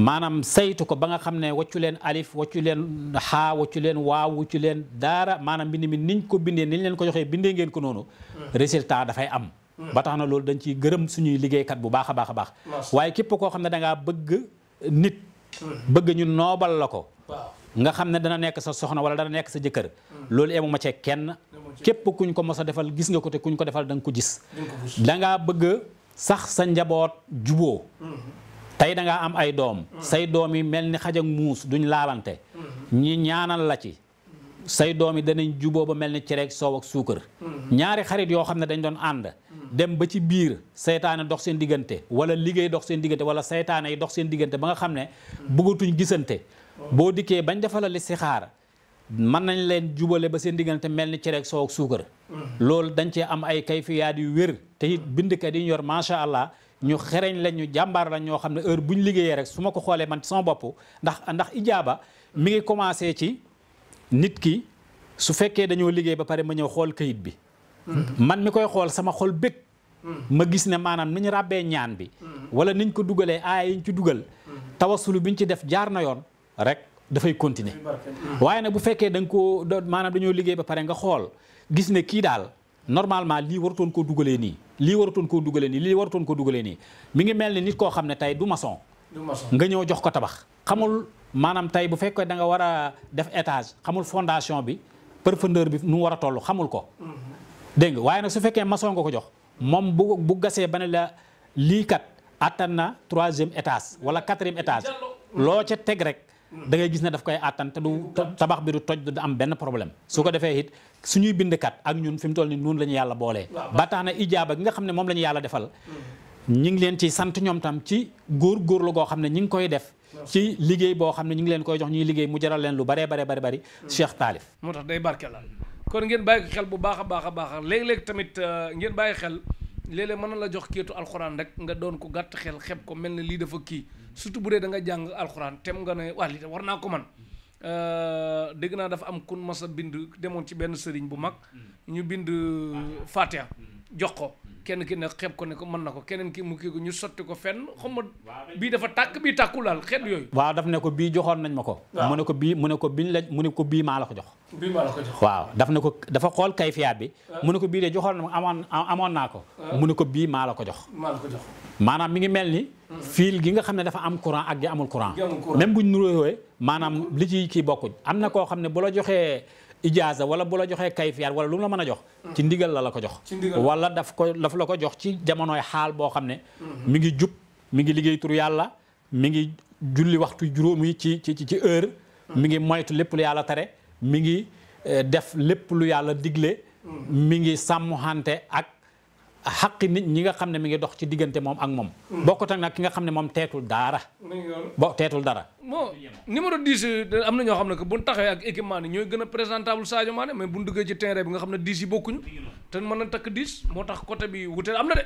maanaam saytu ko ba nga xam ne waccu leen alif waccu leen xaa waccu leen waaw waccu leen daara maanaam mbind mi niñ ko bindee niñ leen ko joxee bindee ngeen ko noonu résultat dafay am ba tax na loolu dañ ciy gërëm suñuy liggéeykat bu baax a baax a baax waaye képp koo xam ne dangaa bëgg nit hmm. bëgg ñu noobal la ko nga xam ne dana nekk sa soxna wala dana nekk sa jëkkër hmm. loolu emuma cee kenn képp ku kuñ ko mos a defal gis nga ko te kuñ ko defal danga ko gis dangaa bëgg sax sa njaboot juboo hmm. tey da ngaa am ay doom say doom yi mel ni xaj ak muus duñ laalante ñi ñaanal la ci say doom yi danañ juboo ba mel ni cereeg soow ak suukar ñaari xarit yoo xam ne dañ doon ànd dem ba ci biir seytaane dox seen diggante wala liggéey dox seen diggante wala seytaane yi dox seen diggante ba nga xam ne bëggatuñ gisante boo dikkee bañ defala li sixaar mën nañ leen jubale ba seen diggante mel ni cereeg soow ak suukar mm-hmm. loolu dañ cee am ay kayfiyaat yu wér te yi yor macha allah ñu xereñ lañ ñu jàmbaar lañ ñoo xam ne heure bu ñu liggéeyee rek su ma ko xoolee man sama bopp ndax ndax ijaaba mi ngi commencé ci nit ki su fekkee dañoo liggéey ba pare ma ñëw xool kayit bi. Mm-hmm. man mi koy xool sama xol bëgg. Mm-hmm. ma gis ne maanaam ni ñu ràbbee ñaan bi. Mm-hmm. wala niñ ko dugalee aaya yi ñu ci dugal. tawasulu bi ñu ci def jaar na yoon rek dafay continuer. waaye nag bu fekkee da nga koo maanaam dañoo liggéey ba pare nga xool gis ne kii daal. normalement lii waratoon koo dugalee nii lii waratoon koo dugalee nii lii waratoon koo dugalee nii mi ngi mel ni nit koo xam ne tey du maçon nga ñëw jox ko tabax xamul maanaam tey bu fekkee da nga war a def étage xamul fondation bi profondeur bi nu mu war a toll xamul ko mhm. dégg nga waaye nag su fekkee maçon nga ko jox moom bu bu gasee ba ne la lii kat attan na troisième étage wala quatrième étage loo ca teg rek mhm. da ngay gis ne daf koy attan te du tabax bi du toj du am benn problème su ko defee suñuy bindkat ak ñun fi mu toll ni noonu lañu yàlla boolee ba tax na ijaaba gi nga xam ne moom la ñu yàlla defal ñi ngi leen ci sant ñoom tam ci góor góorlu goo xam ne ñi ngi koy def ci liggéey boo xam ne ñi ngi leen koy jox ñuy liggéey mu jaral leen lu baree bare bari bari hmm. Cheikh Taalif moo tax day barke la kon ngeen bàyyi ko xel bu baax a baax a baax léeg-léeg tamit euh, ngeen bàyyi xel léeg mën na la jox kéetu alxuraan rek nga doon ko gàtt xel xeb ko mel ne lii dafa kii hmm. surtout bu dee da nga jàng alxuraan tem nga ne waa war naa ko man Euh, dégg naa dafa am kun mas bindu demoon ci benn sëriñ bu mag mm. ñu bind euh, Fatiha mm. jox ko kenn ki ne xeeb ko ne ko mën na ko keneen ki mu kii ko ñu sotti ko fenn xam ma bii dafa tàkk bii tàkkul daal xeet yooyu waaw daf ne ko bii joxoon nañ ma ko mu ne ko bii mu ne ko biñ la mu ne ko bii maa la ko jox bii maa la ko daf xool kayfiyaat bi mu ne ko bii de joxoon na ma amoon amoon naa ko mu ko bii maa la ko jox maa maanaam mi ngi mel ni hmm. fiil gi nga xam ne dafa am courant ak gi amul courant même buñ nuróowee maanaam li ci kii bokkuñ am na koo xam ne bu la joxee ijaaza wala bu la joxee kayfiyaat wala lu mu la mën a jox ci ndigal la la ko jox wala daf ko daf la ko jox ci jamonoy xaal boo xam ne mi ngi jub mi ngi liggéey tur yàlla mi ngi julli waxtu juróom yi ci ci ci heure mi ngi moytu lépp lu yàlla tere mi ngi eh, def lépp lu yàlla digle mi ngi sàmmuhante ak xaqi nit ñi nga xam ne mi ngi dox ci diggante moom ak moom. Mm. bokkut ak nag ki nga xam ne moom teetul daara. bo teetul dara. bon numéro 10 euh, am na ñoo xam ne que bu ñu taxawee ak équipement ni ñooy gën a présentable Sadio Mané mais bu ñu duggee ci terrain bi nga xam ne 10 yi bokkuñu. te mën na takk 10 moo tax coté bi wuteel am na de.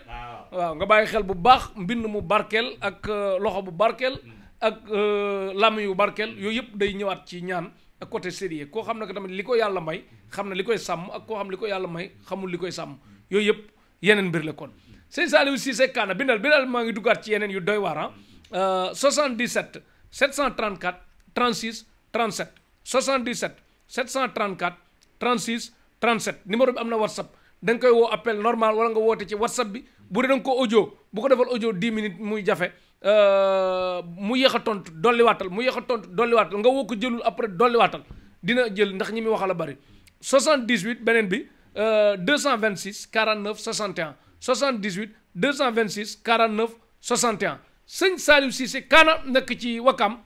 waaw nga bàyyi xel bu baax mbind mu barkeel ak euh, loxo bu barkeel. Mm. ak euh, làmm yu barkeel yooyu yëpp day ñëwaat ci ñaan. ak côté sérieux koo xam ne que tamit li ko yàlla may xam ne li koy sàmm ak koo xam ne ko yàlla may xamul li koy sàmm yooyu yëpp. yeneen mbir la kon sëñ Saliou Cissé Kana bindal bindal maa ngi duggaat ci yeneen yu doy waar ah 77 734 36 37 77 734 36 37 numéro bi am na whatsapp da nga koy woo appel normal wala nga woote ci whatsapp bi bu dee da ko audio bu ko defal audio 10 minutes muy jafe euh, mu yéex a tontu dolliwaatal mu yéex a tontu dolliwaatal nga woo ko jëlul après dolliwaatal dina jël ndax ñi muy wax la bari 78 beneen bi. 226 49 61 78 226 49 61 sëñ Saliou Cissé kaana nekk ci Wakam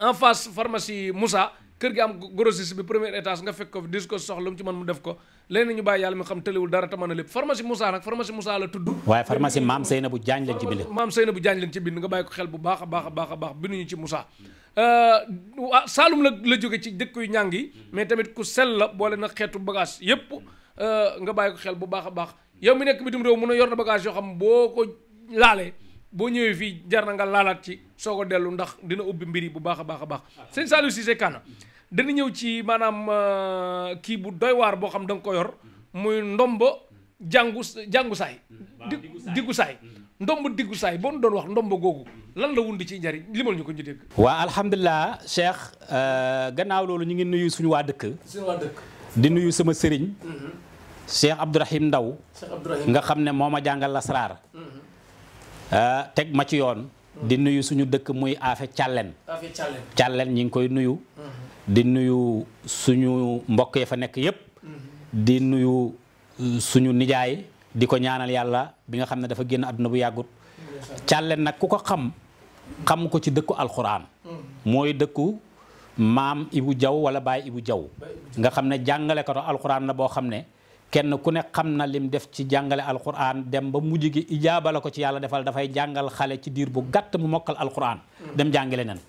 en face pharmacie Moussa kër gi am grossiste bi premier étage nga fekk ko fi dis ko soxla mu ci man mu def ko léegi ñu bàyyi yàlla mi xam tëlewul dara taman na lépp pharmacie Moussa nag pharmacie Moussa la tudd waaye pharmacie maam Seynabou Diagne lañ ci bind maam Seynabou Diagne lañ ci bind nga bàyyi ko xel bu baax a baax a baax a baax binduñu ci Moussa euh, la la jóge ci dëkk yu ñàng yi mais tamit ku la boole na xeetu bagage yépp Euh, nga bàyyi ko xel bu baax a baax yow mi nekk bitim réew mun a yor na bagage yoo xam boo ko laalee boo ñëwee fii jar na nga laalaat ci soo ko dellu ndax dina ubbi mbir yi bu baax a baax a baax sëñ Saliou Cissé Kana dana ñëw ci maanaam euh, kii bu doy waar boo xam da nga ko yor muy ndombo jàngu jàngu saay diggu saay mm-hmm. ndomb diggu saay boo doon wax ndomb googu lan la wund ci njariñ limal ñu ko ñu dégg waa alhamdulilah Cheikh euh, gannaaw loolu ñu ngi nuyu suñu waa dëkk di nuyu sama sëriñ mm-hmm. Cheikh Abdourahim Ndaw nga xam ne moo ma jàngal lasraar mm-hmm. ah, teg ma ci yoon mm-hmm. di nuyu suñu dëkk muy Afe Càllen Càllen ñi ngi koy nuyu mm-hmm. di nuyu suñu mbokk fa nekk yépp di nuyu uh, suñu nijaay di ko ñaanal yàlla bi nga xam ne dafa génn àdduna bu yàggut Càllen nag ku ko xam xam ko ci dëkku alxuraan mooy dëkku maam Ibu Jaw wala Baay Ibu Jaw nga xam ne jàngale alxuraan la boo xam ne kenn ku ne xam na lim def ci jàngale alquran dem ba mujj gi ijaaba ko ci yàlla defal dafay jàngal xale ci diir bu gàtt mu mokkal alquran dem jàngale nen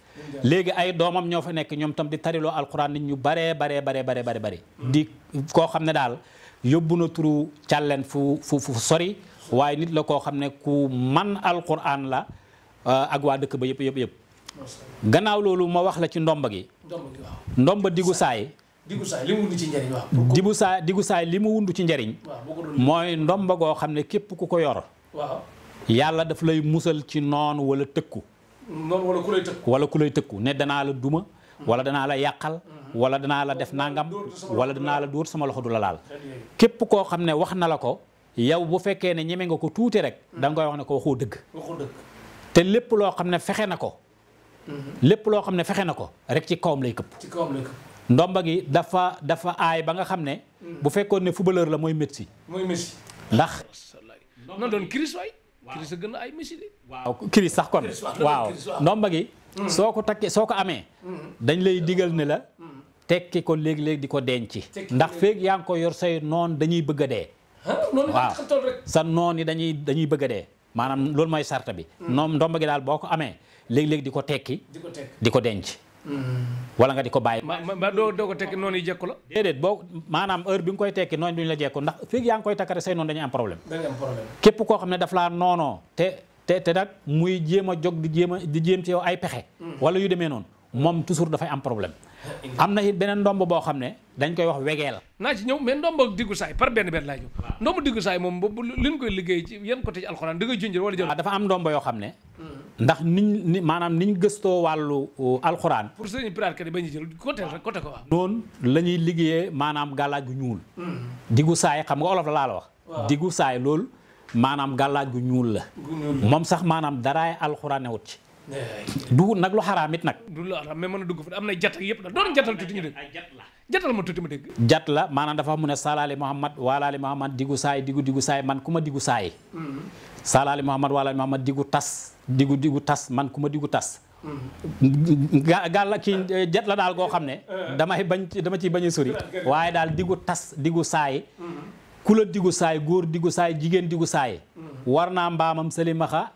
léegi ay doomam ñoo fa nekk ñoom tam di tariloo alquran nit ñu baree bare baree baree bare bëri di koo xam ne daal yóbbu na turu càlleen fu fu sori waaye nit la koo xam ne ku man alquran la euh, ak waa dëkk ba yëpp yëpp yëpp gannaaw loolu ma wax la ci ndomb gi ndomba diggu saay digu saay li mu wund ci njëriñ saay li mu wund ci njariñ mooy ndomba goo xam ne képp ku ko yor. waaw yàlla daf lay musal ci noonu wala tëkku. noonu ku lay tëkku. ne danaa la duma. Hmm. wala danaa la yàqal. Hmm. wala danaa la def nangam. wala danaa la dóor sama loxo du la laal. képp koo xam ne wax na la ko. yow bu fekkee ne ñeme nga ko tuuti rek. Hmm. da koy wax ne ko waxoo dëgg. te lépp loo xam ne fexe na ko. lépp loo xam ne fexe na ko rek ci kawam lay këpp. ndomba gi dafa dafa aay ba nga xam ne. Mm. bu fekkoon ne footballeur la mooy Messi. mooy Messi ndax. na doon Chris waay. Chris gën a ay Messi waaw Chris sax kon waaw ndomba gi. Mm. soo ko takkee soo ko amee. Mm. dañ lay digal ne la. tekki ko léeg léeg di ko denc. ndax feeg yaa ngi ko yor say noon dañuy bëgg dee. waaw sa noon yi dañuy dañuy bëgg a dee. maanaam loolu mooy sarta bi. noom ndomba gi daal boo ko amee léegi-léegi di ko tekki. di ko denc. wala nga di ko bàyyi. ma ma doo doo ko tekki noonu yi jekku la. déedéet boo maanaam heure bi nga koy tekki noonu duñ la jekku ndax fii yaa ngi koy takkare say noonu dañuy am problème. képp koo xam ne daf laa noonoo te te te nag muy a jóg di jéem a di jéem ci yow ay pexe. Mm. wala yu demee noonu moom toujours dafay am problème. am na it beneen ndomb boo xam ne dañ koy wax wegeel naa ci ñëw mais ndomb ak diggu saay par benn benn laay ñëw ndomb diggu saay moom boobu li ñu koy liggéey ci yan côté ci alxuraan da ngay junjee wala jël dafa am ndomb yoo xam ne mm. ndax niñ ni maanaam niñ gëstoo wàllu alxuraan. pour sëñ Ibrahima ba ñu jël côté ko waaw. la ñuy liggéeyee maanaam gàllaaj gu ñuul. Hmm. diggu saay xam nga olof la laa la wax. diggu saay lool maanaam gàllaaj gu ñuul la. moom sax maanaam daraay alxuraan ne newut ci. du nag lu xaraam nag. du lu mais mën a dugg fa am na jat yëpp la doon jatal tuuti ñu dégg. jatal ma tuuti ma dégg. la maanaam dafa mu ne salaale Muhammad waalaale Muhammad diggu saay diggu diggu saay man ku ma diggu saay. Hmm. saalaali Muhammad waalaali Muhammad digu tas digu digu tas man ku ma digu tas gaa ki eh, jat la daal goo xam ne damay bañ dama ciy bañ a waaye daal digu tas digu saay ku la digu saay góor digu saay jigéen digu saay war naa mbaamam salimaxa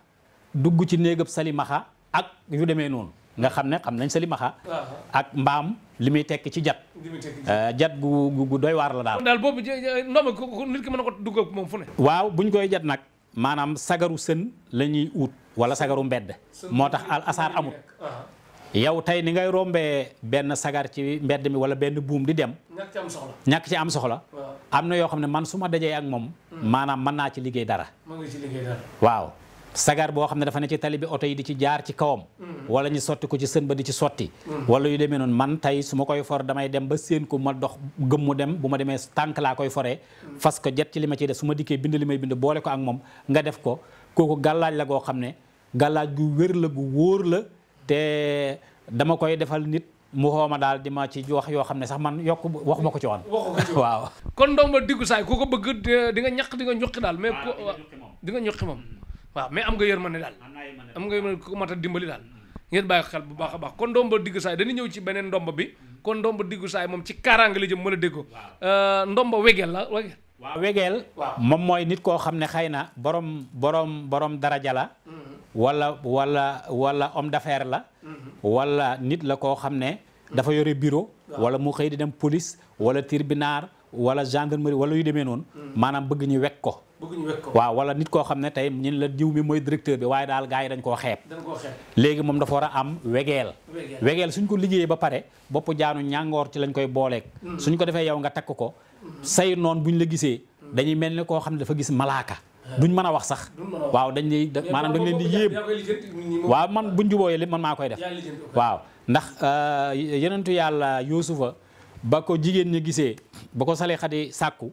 dugg ci néegab salimaxa ak yu demee noonu nga xam ne xam nañ salimaxa uh-huh. ak mbaam li muy tekki ci jat eh, jat gu gu doy waar la daal daal boobu ndox ma ko dugg ak moom fu ne waaw buñ koy jat nag maanaam sagaru sën lañuy ñuy ut wala sagaru mbedd moo tax al asaar amut uh-huh. yow tey ni ngay rombee benn sagar ci mbedd mi wala benn buum di dem ñàkk ci am soxla am na yoo xam ne man su ma dajee ak moom hmm. maanaam mën naa ci liggéey dara waaw sagar boo xam ne dafa ne ci tali bi oto yi di ci jaar ci kawam wala ñu sotti ko ci sën ba di ci sotti wala yu demee noonu man tey su ma koy for damay dem ba séen ko ma dox gëm mu dem bu ma demee tànk laa koy foree fas ko jet ci li ma ciy def su dikkee bind li may bind boole ko moom nga def ko kooku gàllaaj la goo xam ne gàllaaj gu wér la gu wóor la te dama koy defal nit mu xooma daal di ma ci wax yoo xam ne sax man yokk wax ma ko ci woon waaw kon ndoom ba diggu saay koo ko bëgg di nga ñaq di nga ñuqi daal mais di nga ñuqi moom waaw mais am nga yërmande daal am nga yërmande ku mat a dimbali daal ngeen bàyyi xel bu baax a baax kon ndomba diggu saay dañu ñëw ci beneen ndomba bi kon ndomba diggu saay moom ci kaaraange la jëm mën a déggoo euh, ndomba wegeel la wegeel waaw wegeel moom mooy nit koo xam ne xëy na borom borom borom daraja la mm-hmm. wala wala wala homme d'affaires la mm-hmm. wala nit la koo xam ne dafa yore bureau mm-hmm. wala mu xëy di dem police wala tribunal wala gendarmerie wala yu demee noonu maanaam bëgg ñu weg ko waaw wala nit koo xam ne tey ñun la jiw mi mooy directeur bi waaye daal gars yi dañ koo xeeb léegi moom dafa war a am wegeel wegeel suñ ko liggéeyee ba pare bopp jaanu ñàngoor ci lañ koy booleeg mm. suñ ko defee yow nga takk ko mm. say noon buñ la gisee mm. dañuy mel ni koo xam ne dafa gis malaaka duñ mën a wax sax waaw dañ da maanaam dañ leen di yéem waaw man buñ jubooyee li man maa koy def waaw ndax euh, yenentu yàlla yuusufa ba ko jigéen ñi gisee ba ko sale xadi sàkku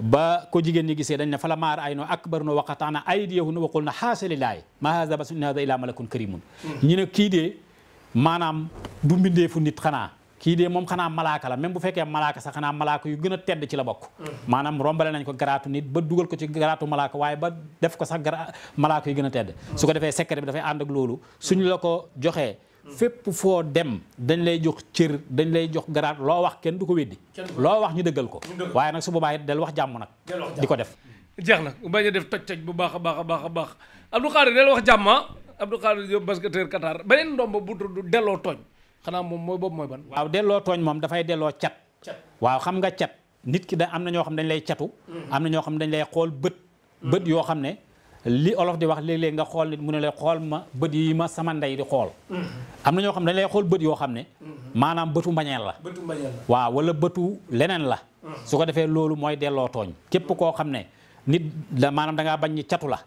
ba ko jigéen ñi gisee dañ ne fala maar ay no akbar no waqataana aydiyahunna wa qulna xaasa lillaahi ma haza bas in haza illa malakun karimun ñu ne kii dee maanaam du mbindeefu nit xanaa kii dee moom xanaa malaaka la même bu fekkee malaaka sax xanaa malaaka yu gën a tedd ci la bokk maanaam rombale nañ ko garaatu nit ba dugal ko ci garaatu malaaka waaye ba def ko sax gara malaaka yu gën a tedd su ko defee secret bi dafay ànd ak loolu suñ la ko joxee fépp foo dem dañ lay jox cër dañ lay jox garaat loo wax kenn du ko weddi loo wax ñu dëggal ko waaye nag su boobaa it del wax jàmm nag di ko def jeex na bañ a def toj toj bu baax a baax a baax a baax Abdou Khadir del wax jàmm ah. Abdou Khadir Diop basketteur Qatar beneen ndomb bu tudd delloo tooñ xanaa moom mooy boobu mooy ban waaw delloo tooñ moom dafay delloo cat waaw xam nga cat nit ki da am na ñoo xam dañ lay catu mm. am na ñoo xam dañ lay xool bët mm. bët yoo xam ne li olof di wax léeg nga xool nit mu ne lay xool ma bët yi ma sama ndey di xool mm-hmm. am na ñoo xam ne dañ lay xool bët yoo xam ne mm-hmm. maanaam bëtu mbañeel la waaw wala bëtu leneen la mm-hmm. su ko defee loolu mooy delloo tooñ képp koo xam ne nit da maanaam da bañ bañ catu la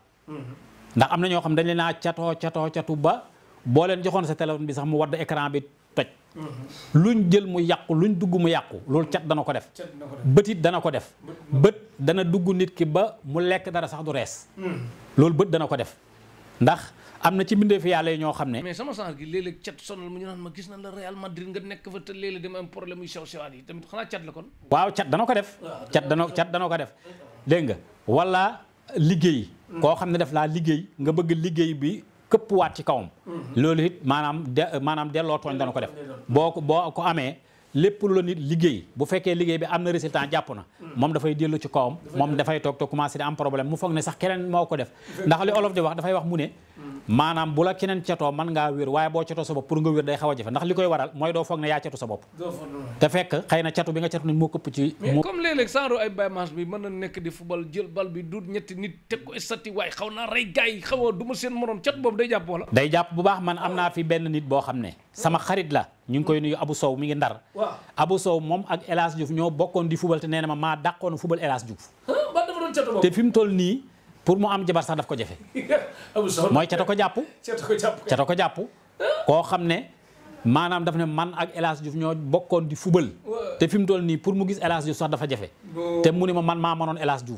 ndax am na ñoo xam dañ leen a cato catoo catu ba boo leen joxoon sa téléphone bi sax mu wadd écran bi toj luñ jël mu yàqu luñ dugg mu yàqu loolu cat dana ko def bët it dana ko def bët dana dugg nit ki ba mu lekk dara sax du rees loolu bët dana ko def ndax am na ci mbindeef yàlla yi ñoo xam ne. mais sama genre gi léeg-léeg cat sonal mu ñu naan ma gis na la Real Madrid nga nekk fa te léeg la kon. waaw cat dana ko def. Ah, cat dana cat dana ko def dégg nga wala liggéey. Hmm. koo xam ne def laa liggéey nga bëgg liggéey bi. këpp waat ci kawam. Hmm. loolu it maanaam de maanaam delloo tooñ dana ko def boo ko boo ko amee lépp lu la nit liggéey bu fekkee liggéey bi am na résultat jàpp na moom dafay dellu ci kawam moom dafay toog te commencé di am problème mu foog ne sax keneen moo ko def ndax li olof di wax dafay wax mu ne maanaam bu la keneen cetoo mën ngaa wér waaye boo cetoo sa bopp pour nga wér day xaw a jafe ndax li koy waral mooy doo foog ne yaa cetu sa bopp te fekk xëy na cetu bi nga cetu nit moo këpp ci du ñetti nit teg ko stati waaye xaw naa rey gars yi xaw a du ma seen morom cet boobu day jàpp bu baax man am naa fi benn nit boo xam ne sama xarit la ñu ngi koy nuyu Abou Sow mi ngi ndar Abou Sow moom ak El Hadj Diouf ñoo bokkoon di football te nee ma maa dàqoon football El Hadj pour mu am jabar sax daf ko jafe. mooy cata ko jàpp. cata ko jàpp koo xam ne maanaam daf ne man ak El Hadj ñoo bokkoon di fubal. te fi mu toll nii pour mu gis El Hadj sax dafa jafe. te mu ne ma man maa manoon El Hadj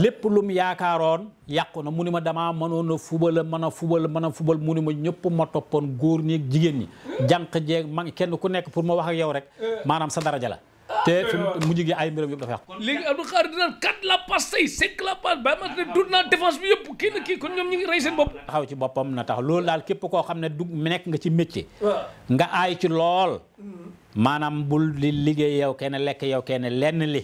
lépp lu yaakaaroon yàqu na mu ni ma damaa mënoon a fubal mën a fubal mën a fubal mu ni ma ñëpp ma toppoon góor ñi ak jigéen ñi. jànq jeeg ma kenn ku nekk pour ma wax ak yow rek maanaam sa daraja la. te fi mujj gi ay mbiram yëpp dafa yàqu. léegi Abdou Khadre dinaan kat la pastille sec la pastille ba ma ne ah, dund naa défense bi yëpp kii kii kon ñoom ñu ngi rey seen bopp. taxaw ci boppam na tax loolu daal képp koo xam ne du nekk nga ci métier. nga ay ci lool. Mm-hmm. maanaam bul li liggéey yow kenn lekk yow kenn lenn li.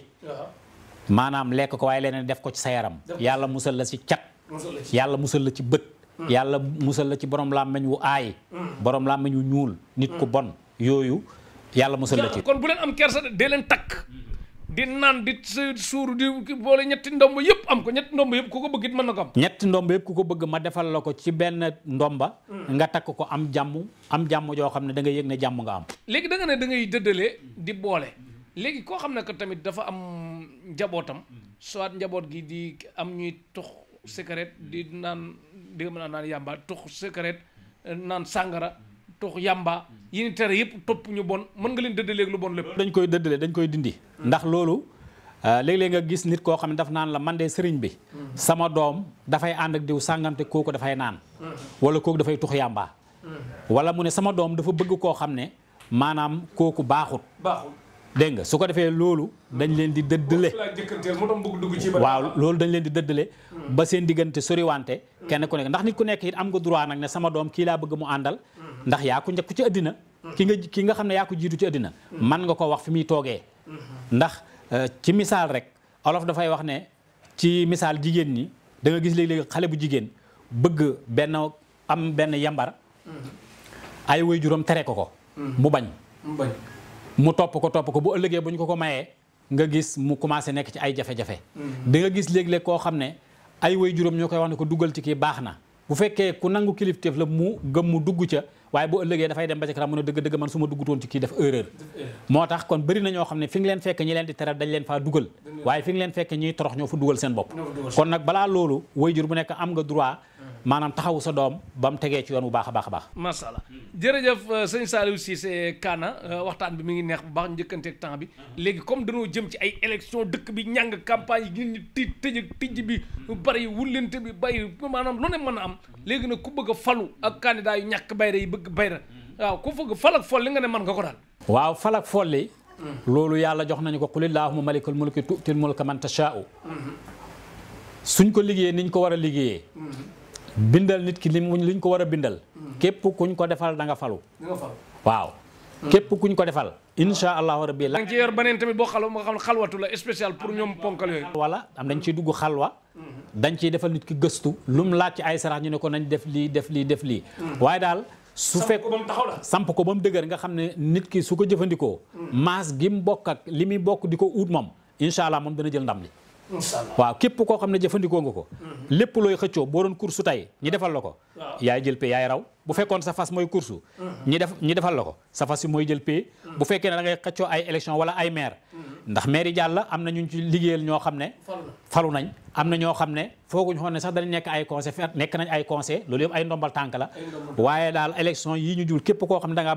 maanaam lekk ko waaye leneen def ko ci sa yaram. yàlla musal la ci cat. yàlla musal la ci bët. Mm. yàlla musal la ci borom làmmiñ wu aay. Mm. borom wu ñuul. nit mm. bon yooyu. yàlla musal la ci kon bu leen am kersa dee leen takk di naan di suur di boole ñetti ndomb yëpp am ko ñetti ndomb yëpp ku ko bëgg it mën na ko ñetti ndomb yëpp ko bëgg ma defal la ko ci benn ndomba mm. nga takk ko am jàmm am jàmm joo xam ne da nga yëg ne jàmm nga am léegi da ne da ngay dëddale di boole léegi koo xam ne que tamit dafa am njabootam soit njaboot gi di am ñuy tux cigarette di naan di mën a naan yàmba tux cigarette naan sàngara tux yàmba yi ni tere yëpp topp ñu bon mën nga leen dëddaleeg lu bon lépp. dañ koy dëddale dañ koy dindi. ndax loolu euh, léeg-léeg nga gis nit koo xam ne daf naan la man de sëriñ bi. sama doom dafay ànd ak diw sàngamte kooku dafay naan. wala dafay tux yamba. wala mu ne sama doom dafa bëgg koo xam ne maanaam kooku baaxut. baaxut nga su ko defee loolu. dañ leen di dëddale waaw loolu dañ leen di dëddale ba seen diggante soriwante. kenn ku nekk ndax nit ku nekk it am nga droit nag ne sama doom kii laa bëgg mu àndal ndax yaa ko njëkk ci àddina ki nga ki nga xam ne yaa ko jiitu ci àddina man nga ko wax fi muy toogee ndax euh, ci misaal rek olof dafay wax ne ci misaal jigéen ñi danga gis léeg-léeg xale bu jigéen bëgg benn am benn yambar ay way juróom tere ko ko mu bañ mu topp ko topp ko bu ëllëgee bu ñu ko ko mayee nga gis mu commencé nekk ci ay jafe-jafe mm-hmm. da gis léeg-léeg koo xam ne ay way juróom ñoo koy wax ne ko dugal ci kii baax na bu fekkee ku nangu kilifteef la mu gëm mu dugg ca waaye bu ëllëgee dafay dem ba ci kanam mu ne dëgg-dëgg man su duggutoon ci kii def erreur moo tax kon bëri ñoo xam ne fi nga leen fekk ñi leen di teral dañ leen faa dugal waaye fi nga leen fekk ñuy torox ñoo fa dugal seen bopp kon nag balaa loolu waajur bu nekk am nga droit maanaam taxawu sa doom ba mu tegee ci yoon bu baax a baax a baax. macha allah jërëjëf euh, sëñ Saliou Cissé kaana euh, waxtaan bi mi ngi neex bu baax njëkkanteeg temps bi léegi comme dañoo jëm ci ay élection dëkk bi ñàng campagne yi nit ñi tij tëj tijj bi bari wullente bi bay maanaam lu ne mën a am léegi nag ku bëgg falu ak candidat yu ñàkk bayra yi bëgg bayra waaw ku fëgg fal ak folli nga ne mën nga ko daal. waaw fal ak folli hmm. loolu yàlla jox nañu ko qulillahumma malikul mulki tu'til mulka man tashaa'u hmm. suñ ko liggéeyee niñ ko war a liggéeyee hmm. bindal nit ki li mu liñ ko war a bindal. Mm-hmm. képp kuñ ko defal da nga falu. waaw. Mm-hmm. képp kuñ ko defal. incha allahu rabi. da nga yor beneen tamit boo xalwa nga xam la spécial pour ñoom ponkal yooyu. wala dañ ciy dugg xalwa. Mm-hmm. dañ ciy defal nit ki gëstu. lu mu laaj ci ay sarax ñu ne ko def lii def lii def lii. waaye daal. su fekk samp ko ba mu dëgër nga xam ne nit ki su ko jëfandikoo. maas gi mu bokk ak li muy bokk di ko uut moom. incha allah moom dana jël ndam li. waaw képp koo xam ne jëfandikoo nga ko mm-hmm. lépp looy xëccoo boo doon course tey ñi defal la ko yaay jël pay yaay raw bu fekkoon sa fas mooy course mm-hmm. ñi def ñi defal la ko sa fas yi mooy jël pay mm-hmm. bu fekkee ne da ngay xëccoo ay élection wala ay maire ndax maire yi jàll am na ñu ci liggéeyal ñoo xam ne falu nañ am na ñoo xam ne fooguñu xoon ne sax danañ nekk ay conseil nekk nañ ay conseil loolu yëpp ay ndombal tànk la waaye daal élection yi ñu jul képp koo xam da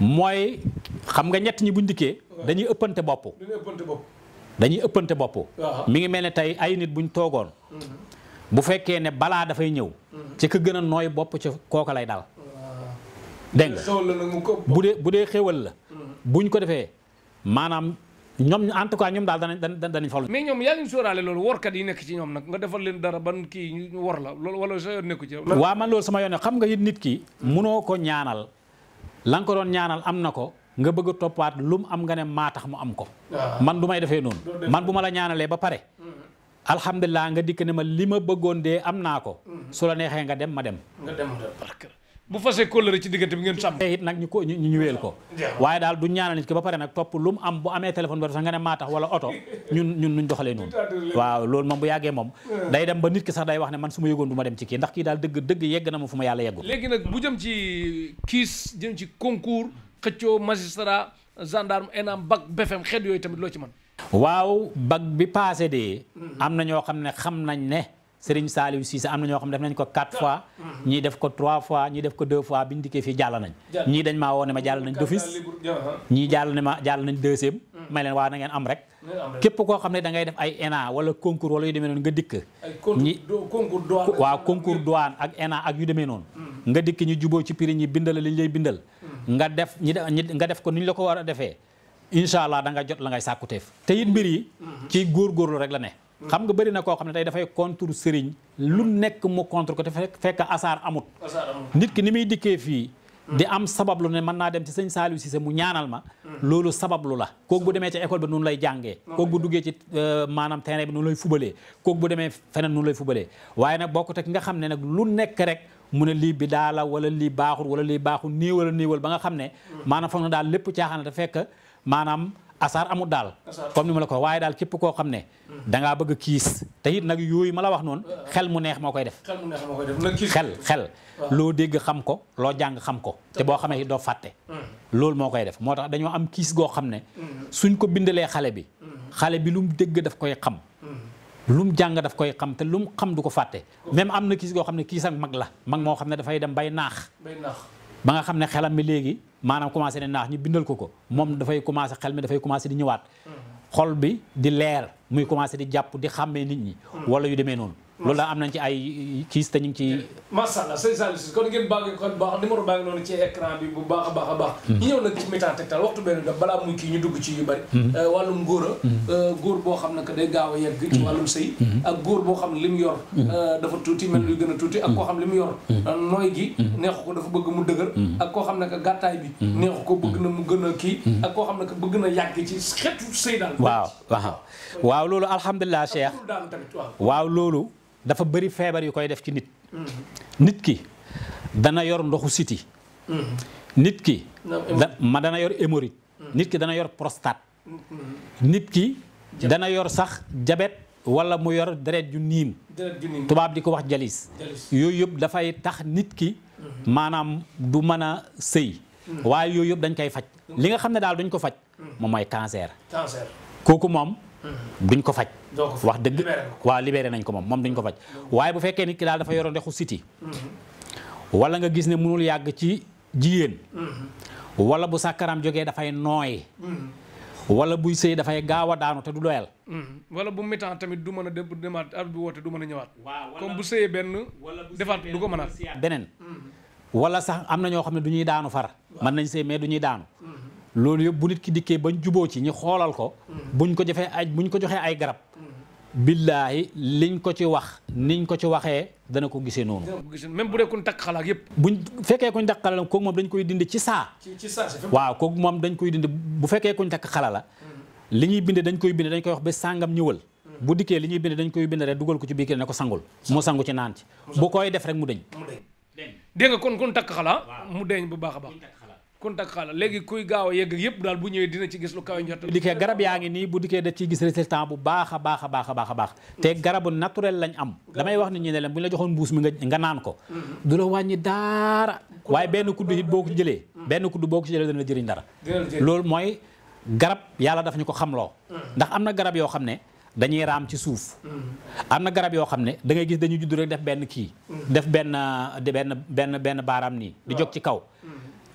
mooy xam nga ñett ñi buñ dikkee dañuy ëppante bopp dañuy ëppante bopp mi ngi mel ne tey ay nit buñ toogoon mm-hmm. bu fekkee ne balaa dafay ñëw mm-hmm. ci ka gën a nooy bopp ci kooka lay dal dégg nga bu dee bu dee xéwal la mm-hmm. buñ ko defee maanaam ñoom en tout cas ñoom daal danañ danañ falu mais ñoom yaa ngi sóoraale loolu workat yi nekk ci ñoom nag nga defal leen dara ban kii ñu wor la loolu wala sa yoon nekku man loolu sama yoon xam nga it nit ki munoo ko ñaanal la nga ko doon ñaanal am na ko nga bëgg a toppaat lu mu am nga ne maa tax mu am ko ah. man du may defee noonu man bu ma la ñaanalee ba pare mm-hmm. alhamdulilah nga dikk ne ma li ma bëggoon dee am naa ko mm-hmm. su la neexee nga dem ma dem bu fasee kóllëre ci diggante bi ngeen sàmm it nag ñu ko ñu ñu wéel ko waaye daal du ñaanal nit ki ba pare nag topp lu am bu amee téléphone ba sax nga ne maa tax wala oto ñun ñun nuñ doxalee noonu waaw loolu moom bu yàggee moom day dem ba nit ki sax day wax ne man su ma yëgoon du ma dem ci kii ndax kii daal dëgg dëgg yegg na ma fu ma yàlla yeggul léegi nag bu jëm ci kiis jëm ci concours xëccoo magistrat gendarme ENAM bac BFEM xeet yooyu tamit loo ci man waaw bag bi passé de am na ñoo xam ne xam nañ ne Serigne Saliou Cissé am na ñoo xam ne def nañ ko quatre ah. fois mm-hmm. ñii def ko trois fois ñii def ko deux fois biñ dikkee fii jàll nañ ñii dañ maa woo ma jàll nañ d'office ah. ñii jàll ne ma jàll nañ deuxième mm. may leen waa na ngeen am rek képp koo xam ne da ngay def ay ENA wala concours wala yu demee noonu nga dikk ñi waaw concours douane ak ENA ak yu demee noonu mm. nga dikk ñu juboo ci prix ñi bindal li lay bindal mm. nga def ñi nga def ko ni ñu la ko war a defee incha allah da nga jot la ngay sàkkuteef te it mbir yi mm-hmm. ci góorgóorlu rek la ne xam nga bari na koo xam ne tey dafay contre sëriñ lu nekk mu contre ko te fekk asaar amut nit ki ni muy dikkee fii di am sabablu ne mën naa dem ci sañ saalu Cissé mu ñaanal ma loolu sabablu la kook bu demee ci école bi nun lay jàngee kooku bu duggee ci euh, maanaam terrain bi nun lay fubalee kooku bu demee feneen nun lay fubalee waaye nag bokkut ak nga xam ne nag lu nekk rek mu ne lii bi daala wala lii baaxul wala lii baaxul néewal a néewal ba nga xam ne mm. maanaam foog na daal lépp caaxaan te fekk maanaam asaar amul daal comme ni ma la ko waaye daal képp koo xam ne hmm. da ngaa bëgg kiis te nag yooyu ma la wax noonu hmm. xel mu neex moo koy def xel xel hmm. loo dégg xam ko loo jàng xam ko te boo xamee doo fàtte loolu moo koy def moo tax dañoo am kiis goo xam ne suñ ko bindalee xale bi xale bi lu mu dégg daf koy xam lum jàng daf koy xam te mu xam du ko fàtte même am na kiis goo xam ne kiis mag la mag moo xam ne dafay dem bay naax ba nga xam ne xelam mi léegi maanaam commencé ne naax ñi bindal ko ko moom dafay commencé xel mi dafay commencé di ñëwaat mm-hmm. xol bi di leer muy commencé di jàpp di xàmmee nit ñi mm-hmm. wala yu demee noonu loolu la am nañ ci ay kiis te ñu ngi ci macha allah sëñ Saliou Cissé kon ngeen bàgg kon baax numéro baa ngi noonu ci écran bi bu baax a baax a baax ñu hmm. ñëw nag ci Métan Tektal waxtu benn daf balaa muy kii ñu dugg ci yu bari hmm. euh, wàllum góor hmm. euh, góor boo xam ne que day gaaw a yegg ci wàllum sëy ak góor boo xam ne li mu yor euh, dafa tuuti mel luy gën a tuuti ak koo xam li mu yor nooy gi neexu ko dafa bëgg mu dëgër ak koo xam ne que gàttaay bi neexu ko bëgg na mu gën a kii ak koo xam ne que bëgg na yàgg ci xeetu sëy daal waaw waaw waaw loolu alhamdulilah cheikh waaw loolu dafa bëri feebar yu koy def ci nit nit ki dana yor ndoxu siti nit ki ma dana yor hémorroïde nit ki dana yor prostate nit ki dana yor sax jabet wala mu yor deret ju niim tubaab di ko wax jalis yooyu yëpp dafay tax nit ki mhm. maanaam du mën a sëy mhm. waaye yooyu yëpp dañ koy faj mhm. li nga xam ne daal duñ ko faj moom mooy cancer. kooku moom duñ ko faj. wax dëgg waaw libéré nañ ko moom moom duñ ko faj. waaye bu fekkee nit ki daal dafa yoroon dexu siti wala nga gis ne mënul yàgg ci jigéen. wala bu sàkkaraam jógee dafay nooy. wala buy sëy dafay gaaw a daanu te du doyal. wala bu mitan a demaat at bi woote a ñëwaat. waaw comme bu sëyee benn. defaat du ko mënaat beneen. wala sax am na ñoo xam ne du ñuy daanu far. mën nañ sëy mais du daanu. loolu yëpp bu nit ki dikkee bañ juboo ci ñu xoolal ko mm-hmm. buñ ko jafee ay buñ ko joxee ay garab mm-hmm. billaahi liñ ko ci wax niñ ko ci waxee dana ko gisee noonu même bu dee kuñ takk xalaat yëpp buñ fekkee kuñ takk xala la kooku moom dañ koy dindi ci saa waaw kooku moom dañ koy dindi bu fekkee kuñ takk xala la mm-hmm. li ñuy binde dañ koy binde dañ koy wax ba sàngam ñëwal bu dikkee li ñuy bind dañ koy bind rek dugal ko ci biir kii ne ko sangul mu sangu ci naan ci bu koy def rek mu deñ dégg nga kon kon takk xalaa mu deñ bu baax a baax kuntak xaala léegi kuy gaaw a yegg yëpp daal bu ñëwee dina ci gis lu kawe njort bu dikkee garab yaa ngi nii bu dikkee da ciy gis résultat bu baax a baax a baax a baax a baax te garabu naturel lañ am damay wax nit ñi ne leen bu ñu la joxoon mbuus mi nga nga naan ko mm-hmm. du la wàññi daara waaye benn kudd it boo ko jëlee mm-hmm. benn kudd boo ko jëlee dana jëriñ dara loolu mooy garab yàlla daf ñu ko xamloo mm-hmm. ndax am na garab yoo xam ne dañuy raam ci suuf am na garab yoo xam ne dangay gis dañuy judd def benn kii def benn benn benn benn baaraam nii di jóg ci kaw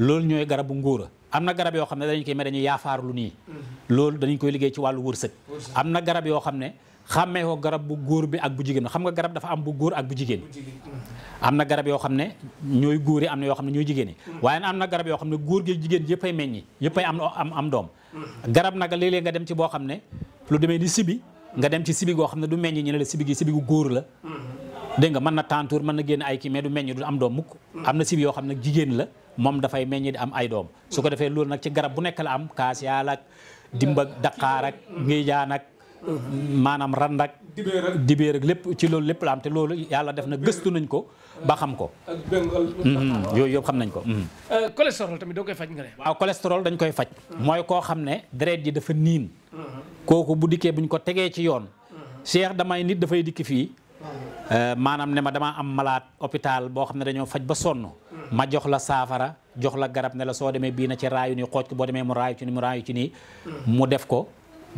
loolu ñooy garabu ngóora am na garab yoo xam ne dañu koy mais dañuy yaafaar lu nii mm-hmm. loolu dañu koy liggéey ci wàllu wërsëg am na garab yoo xam ne xàmmee ko garab bu góor bi ak bu jigéen xam nga garab dafa am bu góor ak bu jigéen mm-hmm. am na garab yoo xam ne ñooy góor yi am na yoo xam ne ñooy jigéen yi mm-hmm. waaye am na garab yoo xam ne góor gi jigéen yëpp ay meññi yëpp ay am am am doom garab nag léeg nga dem ci boo xam ne lu demee ni sibi nga dem ci sibi goo xam ne du meññi ñu ne la sibi gi sibi gu góor la dégg nga mën na tàntuur mën na génn ay kii mais du meññi du am doom mukk am na sibi yoo xam ne jigéen la moom dafay meññ di am ay doom su ko defee loolu nag ci garab bu nekk la am kaas yaal ak dimba daqaar ak ngijaan maanaam rand ak dibéer ak lépp ci loolu lépp la am te loolu yàlla def na gëstu nañ ko ba xam ko mm-hmm. yooyu yëpp xam nañ ko mm-hmm. euh, cholestérol tamit doo koy faj nga ne waaw cholestérol dañ koy faj mm-hmm. mooy koo xam ne deret ji dafa niin kooku bu dikkee buñ ko tegee ci yoon seex damay nit dafay dikki fii Euh, maanaam ne ma damaa am malaat hôpital boo xam ne dañoo faj ba sonn ma jox la saafara jox la garab ne la soo demee bii na ci raayu nii xooj ko boo demee mu raayu ci nii mu raayu ci def ko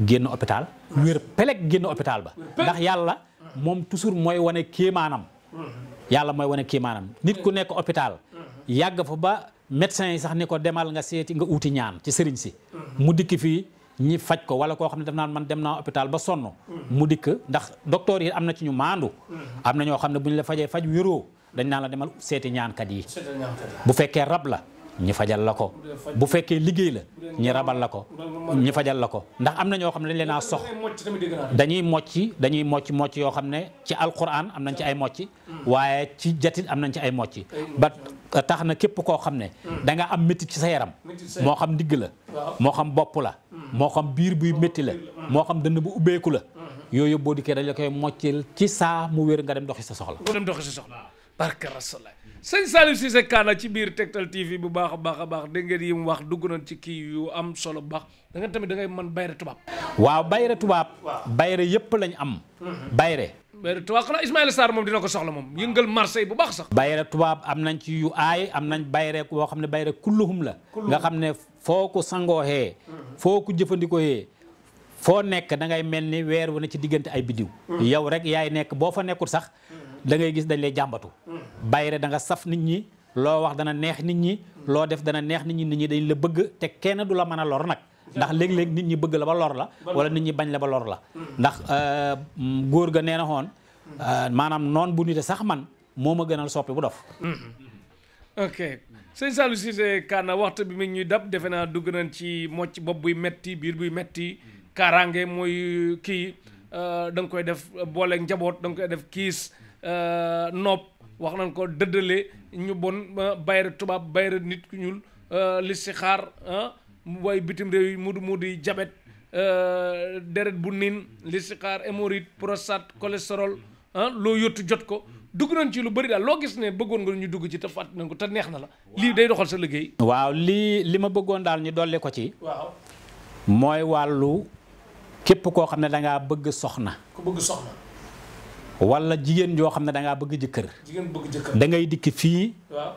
génn hôpital wér peleg génn hôpital ba ndax yàlla moom toujours mooy wane kéemaanam yàlla mooy wane kéemaanam nit ku nekk hôpital yàgg fa ba médecin yi sax ni ko demal nga seeti nga uuti ñaan ci sëriñ si mu dikk fii ñi faj ko wala koo xam ne daf naan man dem naa hôpital ba sonn mu dikk ndax docteur yi am na ci ñu maandu am na ñoo xam ne bu ñu la fajee faj wéroo dañ naa la demal seeti ñaankat yi bu fekkee rab la ñi fajal la ko bu fekkee liggéey la ñi rabal la ko ñi fajal la ko ndax am na ñoo xam ne dañ leen a sox dañuy mocci dañuy mocc mocc yoo xam ne ci al alquran am nañ ci ay mocc mm. waaye ci jatit am nañ ci ay mocc tax na képp koo xam ne hmm. danga am métti ci sa yaram moo xam ndigg la moo xam bopp la hmm. moo xam biir buy métti la hmm. moo xam dënn bu ubbeeku la yooyu boo dikkee dañ la koy moccil ci saa mu wér nga dem doxi sa soxla nga dem doxi sa soxla barka sa sëñ Saliou Cissé Kana ci biir Tektal TV bu baax a baax a baax dégg ngeen yi mu wax dugg nañ ci kii yu am solo baax da nga tamit da ngay mën bayre tubaab waaw bayre tubaab bayre yëpp lañ am bayre weeru tubaab xanaa Ismaïla Sarr moom dina ko soxla moom yëngal Marseille bu baax sax bayre tubaab am nañ ci yu aay am nañ bayre boo xam ne bayre kulluhum la nga xam ne foo ko sangooxee mm-hmm. foo ko jëfandikooyee foo nekk da ngay mel ni weer wu ne ci diggante ay bidiw mm-hmm. yow rek yaay nekk boo fa nekkul sax mm-hmm. da ngay gis dañ lay jàmbatu bayre da nga saf nit ñi loo wax dana neex nit ñi loo def dana neex nit ñi nit ñi dañ la bëgg te kenn du la mën a lor nag ndax léeg-léeg nit ñi bëgg la ba lor la wala nit ñi bañ la ba lor la ndax euh, mm, góor ga nee na euh, maanaam noon bu nite sax man moo ma gënal soppi bu dof mm-hmm. ok sëñ Saliou Cissé Kana waxtu bi mi ñuy dab defe naa dugg nañ ci moo ci bopp buy metti biir buy metti kaaraange mooy kii euh, danga koy def booleeg njaboot danga koy def kiis nopp wax nañ ko dëddale ñu bon bayre tubaab bayre nit ku ñuul listixaar waaye bitim réew yi mudu mudu yi jabet euh, deret bu nin listixaar hémorroïde prostate cholestérol ah, loo yottu jot ko dugg nañ ci lu bari daal loo gis ne bëggoon nga ñu dugg ci te fàtt nañ ko te neex na la lii day doxal sa liggéey waaw lii li ma bëggoon daal ñu dolli ko ci waaw mooy wàllu képp koo xam ne dangaa bëgg soxna ku bëgg soxna wala jigéen joo xam ne dangaa bëgg jëkkër jigéen bëgg jëkkër da dikk fii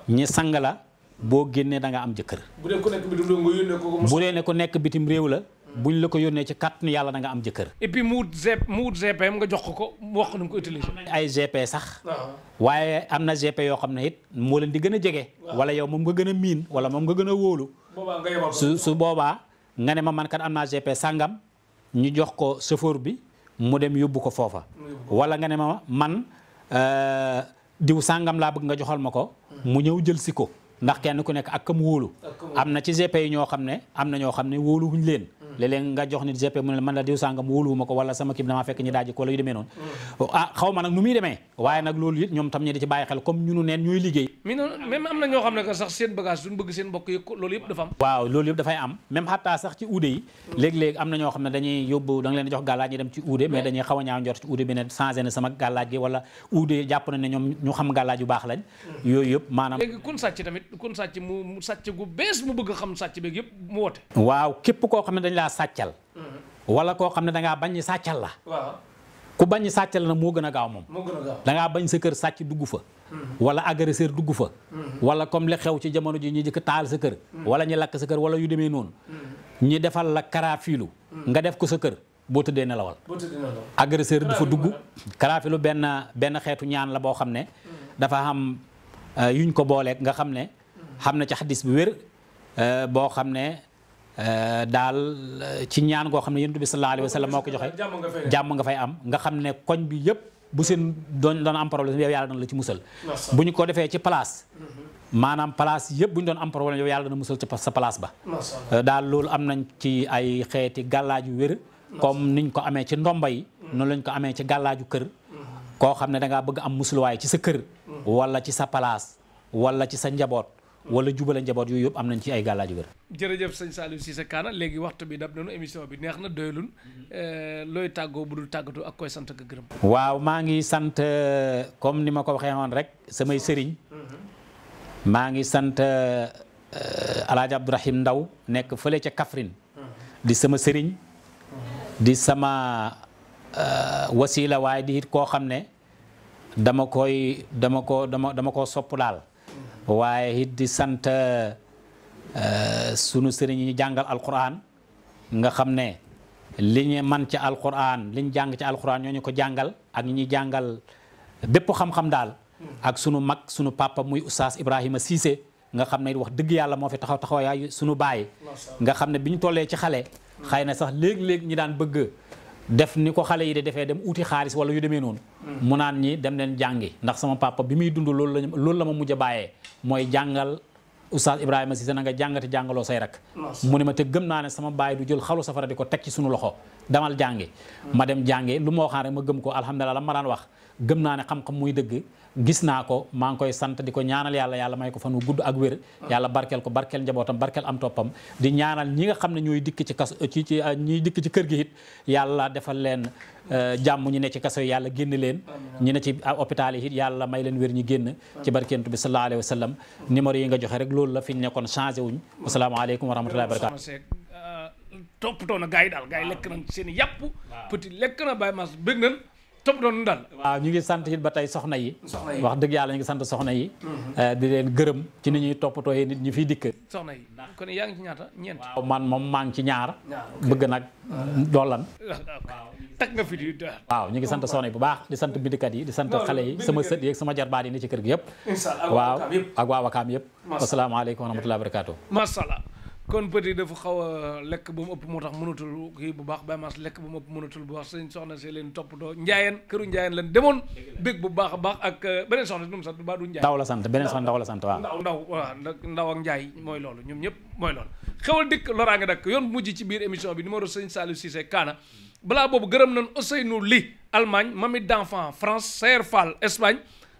ñi sang la boo génnee danga am jëkkër. bu dee ku nekk bitim réew ko. nekk bitim réew la. buñ la ko yónnee ci kàttanu yàlla danga am jëkkër. et puis mu wut G mu GPM nga jox ko ko wax nu mu ko utiliser. ay GP sax. Ah. waaye am GP yoo xam ne it moo di gën a jege. Ah. wala yow moom nga gën a miin wala moom nga gën a wóolu. su su boobaa nga ne ma man kat am naa ñu jox ko chauffeur bi mu dem yóbbu ko foofa. wala nga ne ma man euh, diw sàngam laa bëgg nga joxal ma ko. mu ñëw jël si ko. ndax kenn ku nekk ak kam wóolu am na ci GP yi ñoo xam ne am na ñoo xam ne wóolu leen léeg-léeg nga jox nit GP mu ne man la diw sàngam wóoluwuma ko wala sama kib damaa fekk ñi daaji ko wala yu demee noonu mm. ah xaw nag nu muy demee waaye nag loolu xam ne yi mm. da nga leen jox gàllaaj ñi dem ci uude mais dañuy xaw a ñaaw njort ci uude bi ne changé na sama gàllaaj gi wala uude jàpp na ne ñoom ñu xam gàllaaj yu baax mm. tamit kun sàcc mu sàcc gu bees mu bëgg xam sàcc beeg yëpp mu woote waaw képp koo xam ne dañ la laa sàccal mm-hmm. wala koo xam ne dangaa bañ sàccal la ku bañ sàccal na moo gën a gaaw moom dangaa bañ sa kër sàcc dugg fa mm-hmm. wala agresseur dugg fa mm-hmm. wala comme li xew ci jamono ji ñu jëkk taal sa kër wala ñu lakk sa wala yu demee noonu ñi defal la karaafilu nga def ko sa kër boo tëddee nelawal agresseur du fa dugg karaafilu benn benn xeetu ñaan la boo xam ne dafa am euh, yuñ ko booleeg nga xam ne xam na ci xadis bu wér euh, boo xam ne Euh, daal euh, ci ñaan goo xam ne yonent bi sallallahu alayhi wa sallam moo ko joxe jàmm nga fay am nga xam ne koñ bi yëpp bu seen doon doon am problème yow yàlla dana la ci musal bu ñu ko defee ci place mhm. maanaam place yëpp bu ñu doon am problème yow yàlla dana musal ci sa place ba euh, daal loolu am nañ ci ay xeeti gàllaaju wér comme niñ ko amee ci ndomba yi mhm. noonu lañ ko amee ci gàllaaju kër mhm. koo xam ne dangaa bëgg am musluwaay ci sa kër wala ci sa place wala ci sa njaboot wala jubale njaboot yooyu yëpp am nañ ci ay gàllaaju wér jërëjëf sëñ léegi waxtu bi dab nañu émission bi neex na doyalun euh, looy tàggoo bu dul tàggatu ak koy sant ak gërëm waaw maa ngi sant euh, comme ni ma ko waxee woon rek samay sëriñ maa ngi sant euh, alaaji Abdourahim Ndaw nekk fële ca Kaffrine di sama sëriñ di sama wasiila waaye di koo xam ne dama koy dama ko dama dama koo sopp daal waaye it di sant euh, sunu sëriñ yi ñu jàngal alquran nga xam ne li ñu man ci alquran li ñu jàng ci alquran ñoo ñu ko jàngal ak ñi ñuy jàngal bépp xam-xam daal hmm. ak sunu mag sunu papa muy oustaz Ibrahima Cissé nga xam ne wax dëgg yàlla moo fi taxaw taxaw taxawaay sunu baay nga xam ne bi ñu tollee ci xale hmm. xëy na sax léeg-léeg ñi daan bëgg def ni ko xale yi de defee dem uuti xaalis wala yu demee noonu. mu naan ñi dem leen jàngi ndax sama papa bi muy dund loolu la loolu la ma mujj a bàyyee mooy jàngal oustaz Ibrahima Cissé na nga jàngati jàngaloo say rak. mu ne ma te gëm naa ne sama baay du jël xalu safara di ko teg ci sunu loxo damal jàngi. ma dem jàngi lu ma waxaan rek ma gëm ko alhamdulilah la ma daan wax. gëm naa ne xam-xam muy dëgg gis naa ko maa ngi koy sant di ko ñaanal yàlla yàlla may ko fan wu gudd ak wér yàlla barkeel ko barkeel njabootam barkeel am toppam di ñaanal ñi nga xam ne ñooy dikk ci kas ci ci euh, ñuy dikk ci kër gi it yàlla defal leen euh, jàmm ñu ne ci kaso yi yàlla génn leen ñu ne ci euh, hôpital yi it yàlla may leen wér ñu génn ci barkeentu bi sallallahu alayhi wa sallam numéro yi nga joxe rek loolu la fi ñu nekkoon changé wuñ asalaamaaleykum wa rahmatullahi wa barakatu toppatoo na gars yi daal gars yi lekk nañ seen i yàpp petit lekk na Baye Mass bëgg topp doon daal waaw ñu ngi sant it ba tey soxna yi wax dëgg yàlla ñu ngi sant soxna yi mhm. eh, di leen gërëm ci ni ñuy toppatooyee nit ñi fiy dikk soxna yi kon yaa ngi ci ñaata ñeent waaw man moom maa ngi ci ñaar bëgg nag doolan takk nga fi di waaw ñu ngi sant soxna yi bu baax di sant bindikat yi di sant xale yi sama sët yeeg sama jarbaat yi ni ci kër gi yëpp waaw ak waa wakaam yëpp asalaamaaleykum wa rahmatullahi kon petit dafa xaw a lekk ba mu ëpp moo tax mënatul kii bu baax Baye Mass lekk ba mu ëpp mënatul bu baax sëñ soxna si leen toppatoo njaayeen këru njaayeen leen demoon bég bu baax a baax ak euh, beneen soxna si nu mu sant baa du njaay ndaw la sant beneen soxna ndaw sant waaw ndaw ndaw waaw ndaw ak njaay mooy loolu ñoom ñëpp mooy loolu xewal dikk loraa nga dakk yoon mujj ci biir émission bi numéro sëñ Saliou Cissé Kaana balaa boobu gërëm na nañ Ousseynou Ly Allemagne Mami d'enfant France Sayer Fall Espagne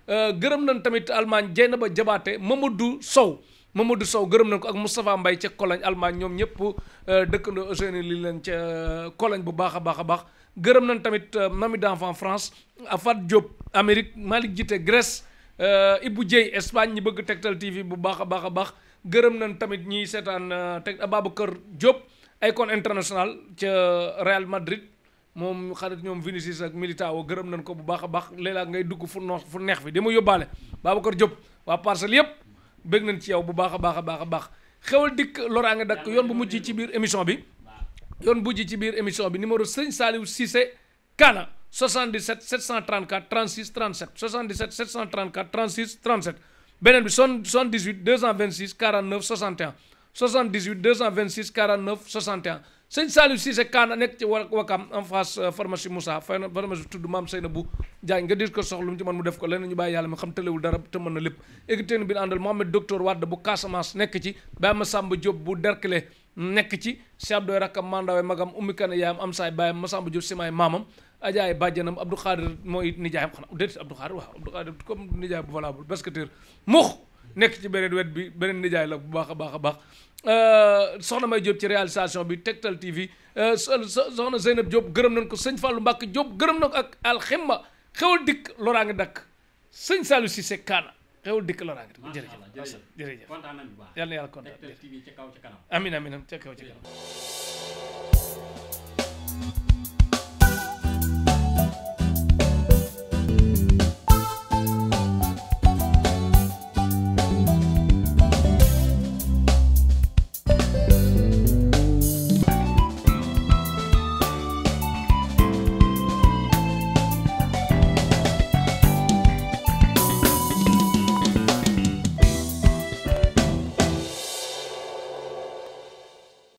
euh, gërëm nañ tamit Allemagne ba Jabaate Mamadou Sow Mamadou Sow gërëm nañ ko ak Moustapha mbay ca Cologne Allemagne ñoom ñëpp euh, dëkkandoo Eugénie li leen ca euh, Cologne bu baax a baax a baax gërëm nañ tamit euh, Mami d'enfant France Afat Diop Amérique Malick Jité Grèce Ibou Dieye Espagne ñi bëgg Tektal TV bu baax a baax a baax gërëm nañ tamit ñiy seetaan teg Ababacar Diop Icon International ca Real Madrid moom xarit ñoom Vinicius ak Militao gërëm nañ ko bu baax a baax léeg ngay dugg fu noox fu neex fi di ma yóbbaale Babacar Diop waa parcelle yëpp bëgg nañ ci yow bu baax a baax a baax a baax xewal dikk loraange dakk yoon bu mujj ci biir émission bi yoon bu mujj ci biir émission bi numéro Sëñ Saliou Cissé Kana 77 734 36 37 77 734 36 37 beneen bi 78 226 49 61 78 226 49 61 sëñ Saliou Cissé Kaana nekk ci Wakam en face euh, pharmacie Moussa fay na pharmacie tudd maam Seynabou Diagne nga dir ko soxlu mu ci man mu def ko leneen ñu bàyyi yàlla xam tëlewul dara te na lépp égitéen bi àndal Mohamed docteur Wade bu Casamance nekk ci Bama Samba Diop bu Derkle nekk ci Cheikh Doy rakkam mandaawe magam ummi kane yaayam am saay baayam Masamba Diop simaay maamam ajaay bàjjanam Abdou Khadir mooy nijaayam xanaa déedéet Abdou Khadir waaw Abdou Khadir comme nijaay bu valable basketeur mux nekk wet bi beneen nijaay la bu baax a baax a baax Euh, soxna May Diop ci réalisation bi Tektal TV euh, soxna Zeynab Diop gërëm nañ ko sëñ Fallou mbakk Diop gërëm na ko ak alxemma xewal dikk loraa nga dakk sëñ si Cissé Kaana xewal dikk loraa nga dakk jërëjëf jërëjëf kontaan nañ bu baax yàlla na yàlla kontaan TV